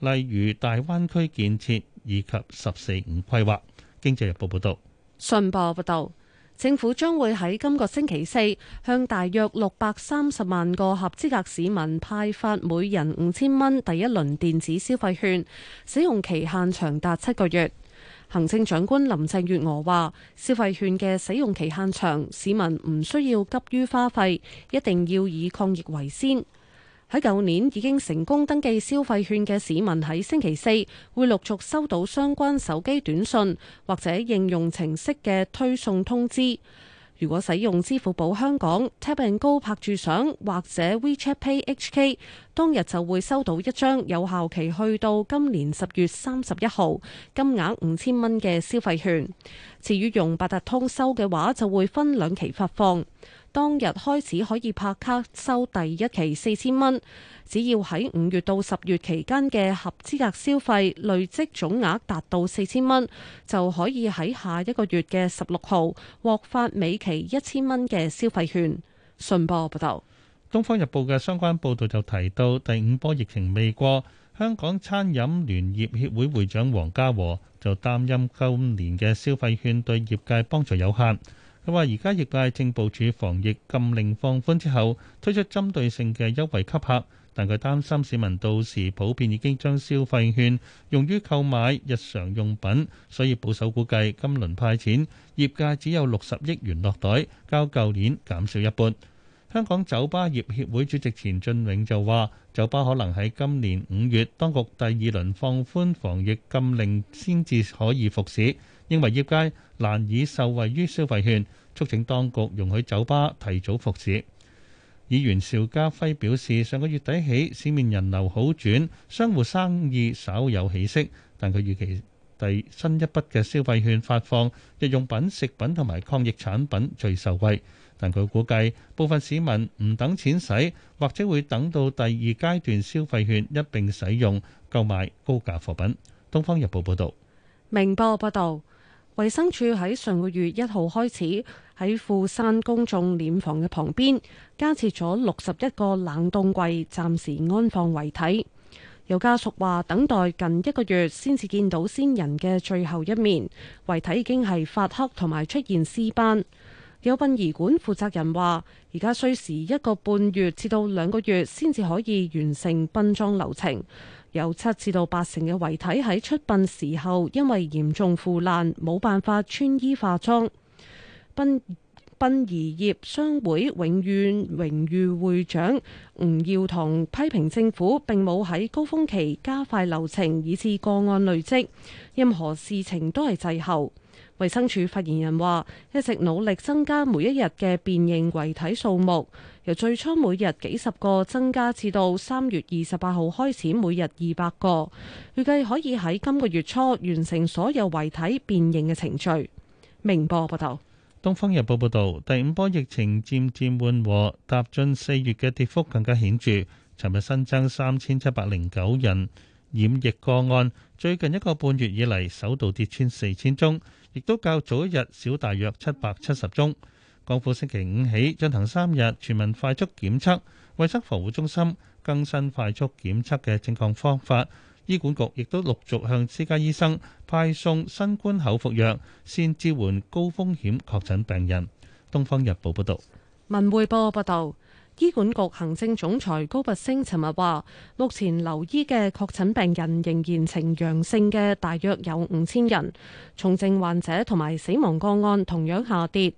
例如大灣區建設以及十四五規劃。經濟日報報導。信報報道，政府將會喺今個星期四向大約六百三十萬個合資格市民派發每人五千蚊第一輪電子消費券，使用期限長達七個月。行政長官林鄭月娥話，消費券嘅使用期限長，市民唔需要急於花費，一定要以抗疫為先。喺舊年已經成功登記消費券嘅市民喺星期四會陸續收到相關手機短信或者應用程式嘅推送通知。如果使用支付寶香港、Tap & Go 拍住賞或者 WeChat Pay HK，當日就會收到一張有效期去到今年十月三十一號、金額五千蚊嘅消費券。至於用八達通收嘅話，就會分兩期發放。當日開始可以拍卡收第一期四千蚊，只要喺五月到十月期間嘅合資格消費累積總額達到四千蚊，就可以喺下一個月嘅十六號獲發每期一千蚊嘅消費券。信報報，報道，《東方日報》嘅相關報導就提到，第五波疫情未過，香港餐飲聯業協會會，會長黃家和就擔憂今年嘅消費券對業界幫助有限。佢話：而家業界正部署防疫禁令放寬之後，推出針對性嘅優惠吸客，但佢擔心市民到時普遍已經將消費券用於購買日常用品，所以保守估計今輪派錢業界只有六十億元落袋，較舊年減少一半。香港酒吧業協會主席錢俊永就話：酒吧可能喺今年五月當局第二輪放寬防疫禁令先至可以復市。認為業界難以受惠於消費券，促請當局容許酒吧提早復市。議員邵家輝表示，上個月底起市面人流好轉，商戶生意稍有起色。但佢預期第新一筆嘅消費券發放，日用品、食品同埋抗疫產品最受惠。但佢估計部分市民唔等錢使，或者會等到第二階段消費券一並使用購買高價貨品。《東方日報》報導，《明報》報導。衛生署喺上個月一號開始喺富山公眾殮房嘅旁邊加設咗六十一個冷凍櫃，暫時安放遺體。有家屬話，等待近一個月先至見到先人嘅最後一面，遺體已經係發黑同埋出現屍斑。有殯儀館負責人話，而家需時一個半月至到兩個月先至可以完成殯葬流程。有七至到八成嘅遺體喺出殯時候，因為嚴重腐爛，冇辦法穿衣化妝。殯殯儀業商會永遠榮譽會長吳耀同批評政府並冇喺高峰期加快流程，以致個案累積，任何事情都係滯後。衛生署發言人話，一直努力增加每一日嘅辨認遺體數目，由最初每日幾十個增加至到三月二十八號開始每日二百個，預計可以喺今個月初完成所有遺體辨認嘅程序。明報報道，《東方日報》報道，第五波疫情漸漸緩和，踏進四月嘅跌幅更加顯著。尋日新增三千七百零九人染疫個案，最近一個半月以嚟首度跌穿四千宗。亦都較早一日少大約七百七十宗。港府星期五起進行三日全民快速檢測，衛生防護中心更新快速檢測嘅正確方法。醫管局亦都陸續向私家醫生派送新冠口服藥，先支援高風險確診病人。《東方日報》報道。《文匯報》報道。醫管局行政總裁高拔陞尋日話，目前留醫嘅確診病人仍然呈陽性嘅，大約有五千人。重症患者同埋死亡個案同樣下跌。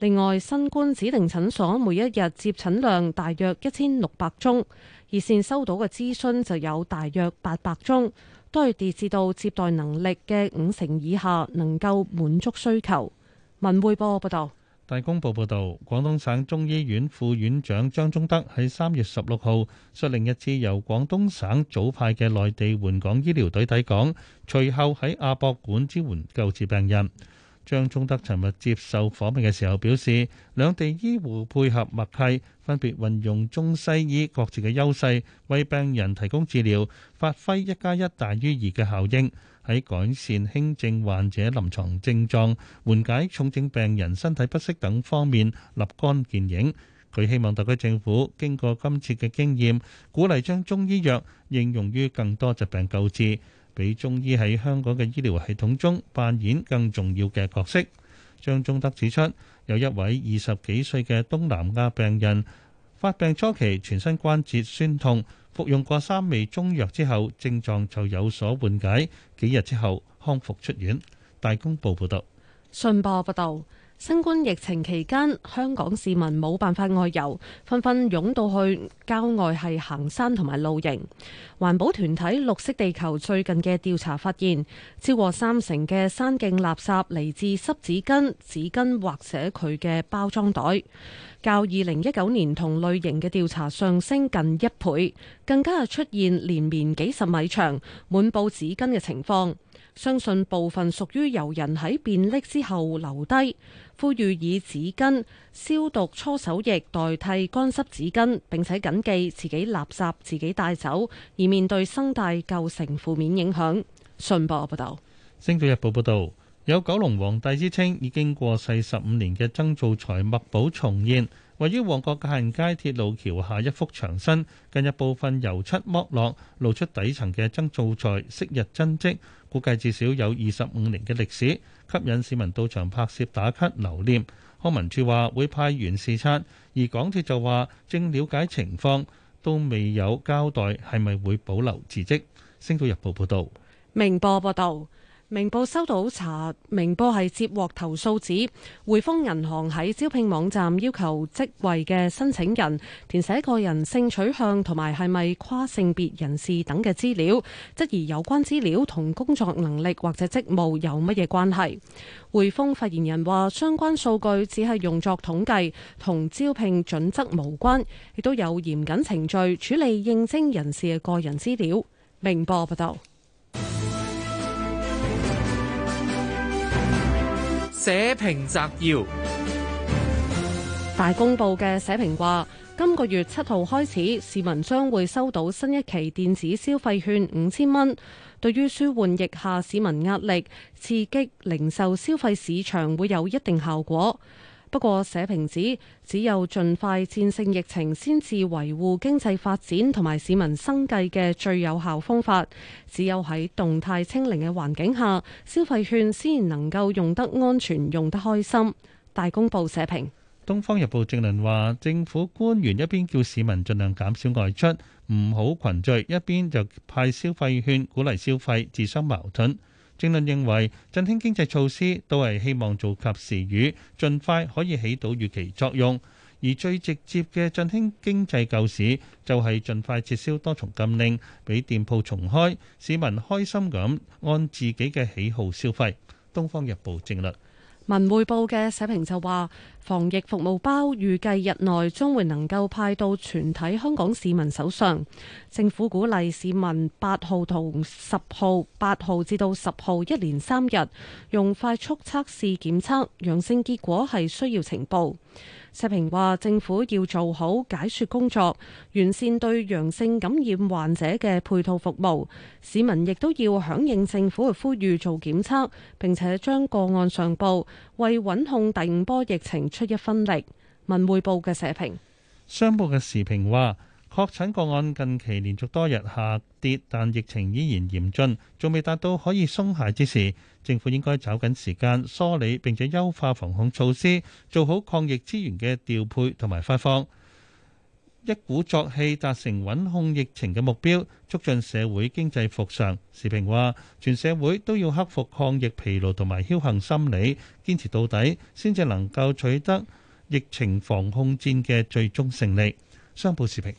另外，新冠指定診所每一日接診量大約一千六百宗，熱線收到嘅諮詢就有大約八百宗，都係跌至到接待能力嘅五成以下，能夠滿足需求。文匯報報道。大公報報導，廣東省中醫院副院長張忠德喺三月十六號率另一支由廣東省組派嘅內地援港醫療隊抵港，隨後喺亞博館支援救治病人。張忠德尋日接受訪問嘅時候表示，兩地醫護配合默契，分別運用中西醫各自嘅優勢，為病人提供治療，發揮一加一大於二嘅效應，喺改善輕症患者臨牀症狀、緩解重症病人身體不適等方面立竿見影。佢希望特區政府經過今次嘅經驗，鼓勵將中醫藥應用於更多疾病救治。俾中醫喺香港嘅醫療系統中扮演更重要嘅角色。張忠德指出，有一位二十幾歲嘅東南亞病人，發病初期全身關節痠痛，服用過三味中藥之後症狀就有所緩解，幾日之後康復出院。大公報報導。信報報導。新冠疫情期間，香港市民冇辦法外遊，紛紛湧到去郊外係行山同埋露營。環保團體綠色地球最近嘅調查發現，超過三成嘅山徑垃圾嚟自濕紙巾、紙巾或者佢嘅包裝袋，較二零一九年同類型嘅調查上升近一倍，更加係出現連綿幾十米長滿布紙巾嘅情況。相信部分屬於遊人喺便溺之後留低，呼籲以紙巾、消毒搓手液代替乾濕紙巾，並且緊記自己垃圾自己帶走，而面對生態構成負面影響。信報報道，《星島日報》報道，有九龍皇帝之稱已經過世十五年嘅曾灶財墨寶重現。位於旺角界限街鐵路橋下一幅牆身，近日部分油漆剝落，露出底層嘅曾灶財，昔日真跡估計至少有二十五年嘅歷史，吸引市民到場拍攝、打卡留念。康文署話會派員視察，而港鐵就話正了解情況，都未有交代係咪會保留字跡。星島日報報道，明報報道。明報收到查，明報係接獲投訴，指滙豐銀行喺招聘網站要求職位嘅申請人填寫個人性取向同埋係咪跨性別人士等嘅資料，質疑有關資料同工作能力或者職務有乜嘢關係？滙豐發言人話，相關數據只係用作統計，同招聘準則無關，亦都有嚴謹程序處理應徵人士嘅個人資料。明報報道。社評摘要，大公報嘅社評話：今個月七號開始，市民將會收到新一期電子消費券五千蚊，對於舒緩疫下市民壓力、刺激零售消費市場會有一定效果。不過社評指，只有盡快戰勝疫情，先至維護經濟發展同埋市民生計嘅最有效方法。只有喺動態清零嘅環境下，消費券先能能夠用得安全、用得開心。大公報社評。《東方日報》正論話，政府官員一邊叫市民儘量減少外出，唔好群聚，一邊就派消費券鼓勵消費，自相矛盾。正論認為，振興經濟措施都係希望做及時雨，盡快可以起到預期作用。而最直接嘅振興經濟救市，就係盡快撤銷多重禁令，俾店鋪重開，市民開心咁按自己嘅喜好消費。《東方日報》正論。文匯報嘅社評就話，防疫服務包預計日內將會能夠派到全體香港市民手上。政府鼓勵市民八號同十號，八號至到十號一連三日用快速測試檢測，陽性結果係需要情報。社評話：政府要做好解説工作，完善對陽性感染患者嘅配套服務。市民亦都要響應政府嘅呼籲，做檢測並且將個案上報，為穩控第五波疫情出一分力。文匯報嘅社評，商報嘅時評話。確診個案近期連續多日下跌，但疫情依然嚴峻，仲未達到可以鬆懈之時。政府應該找緊時間梳理並且優化防控措施，做好抗疫資源嘅調配同埋發放，一鼓作氣達成穩控疫情嘅目標，促進社會經濟復常。時評話：全社會都要克服抗疫疲勞同埋僥幸心理，堅持到底，先至能夠取得疫情防控戰嘅最終勝利。商報時評。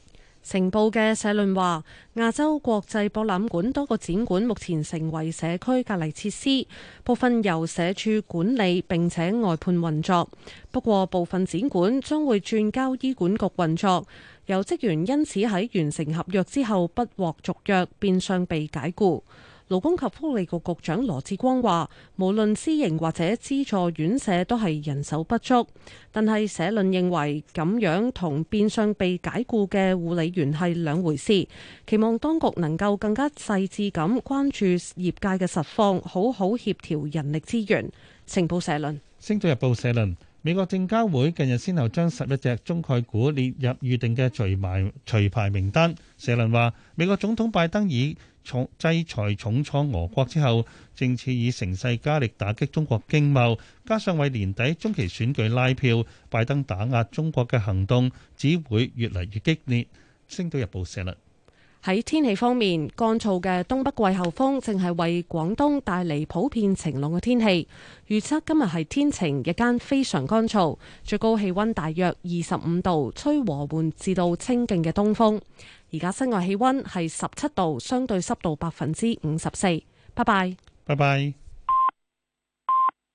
成報嘅社論話：亞洲國際博覽館多個展館目前成為社區隔離設施，部分由社處管理並且外判運作。不過部分展館將會轉交醫管局運作，有職員因此喺完成合約之後不獲續約，變相被解雇。勞工及福利局局長羅志光話：，無論私營或者資助院舍都係人手不足，但係社論認為咁樣同變相被解雇嘅護理員係兩回事。期望當局能夠更加細緻咁關注業界嘅實況，好好協調人力資源。成報社論，星島日報社論：，美國證交會近日先後將十一隻中概股列入預定嘅除埋除牌名單。社論話：，美國總統拜登以重制裁重創俄國之後，正似以成勢加力打擊中國經貿，加上為年底中期選舉拉票，拜登打壓中國嘅行動只會越嚟越激烈。星島日報社論。喺天氣方面，乾燥嘅東北季候風正係為廣東帶嚟普遍晴朗嘅天氣。預測今日係天晴，日間非常乾燥，最高氣溫大約二十五度，吹和緩至到清勁嘅東風。而家室外氣溫係十七度，相對濕度百分之五十四。拜拜，拜拜。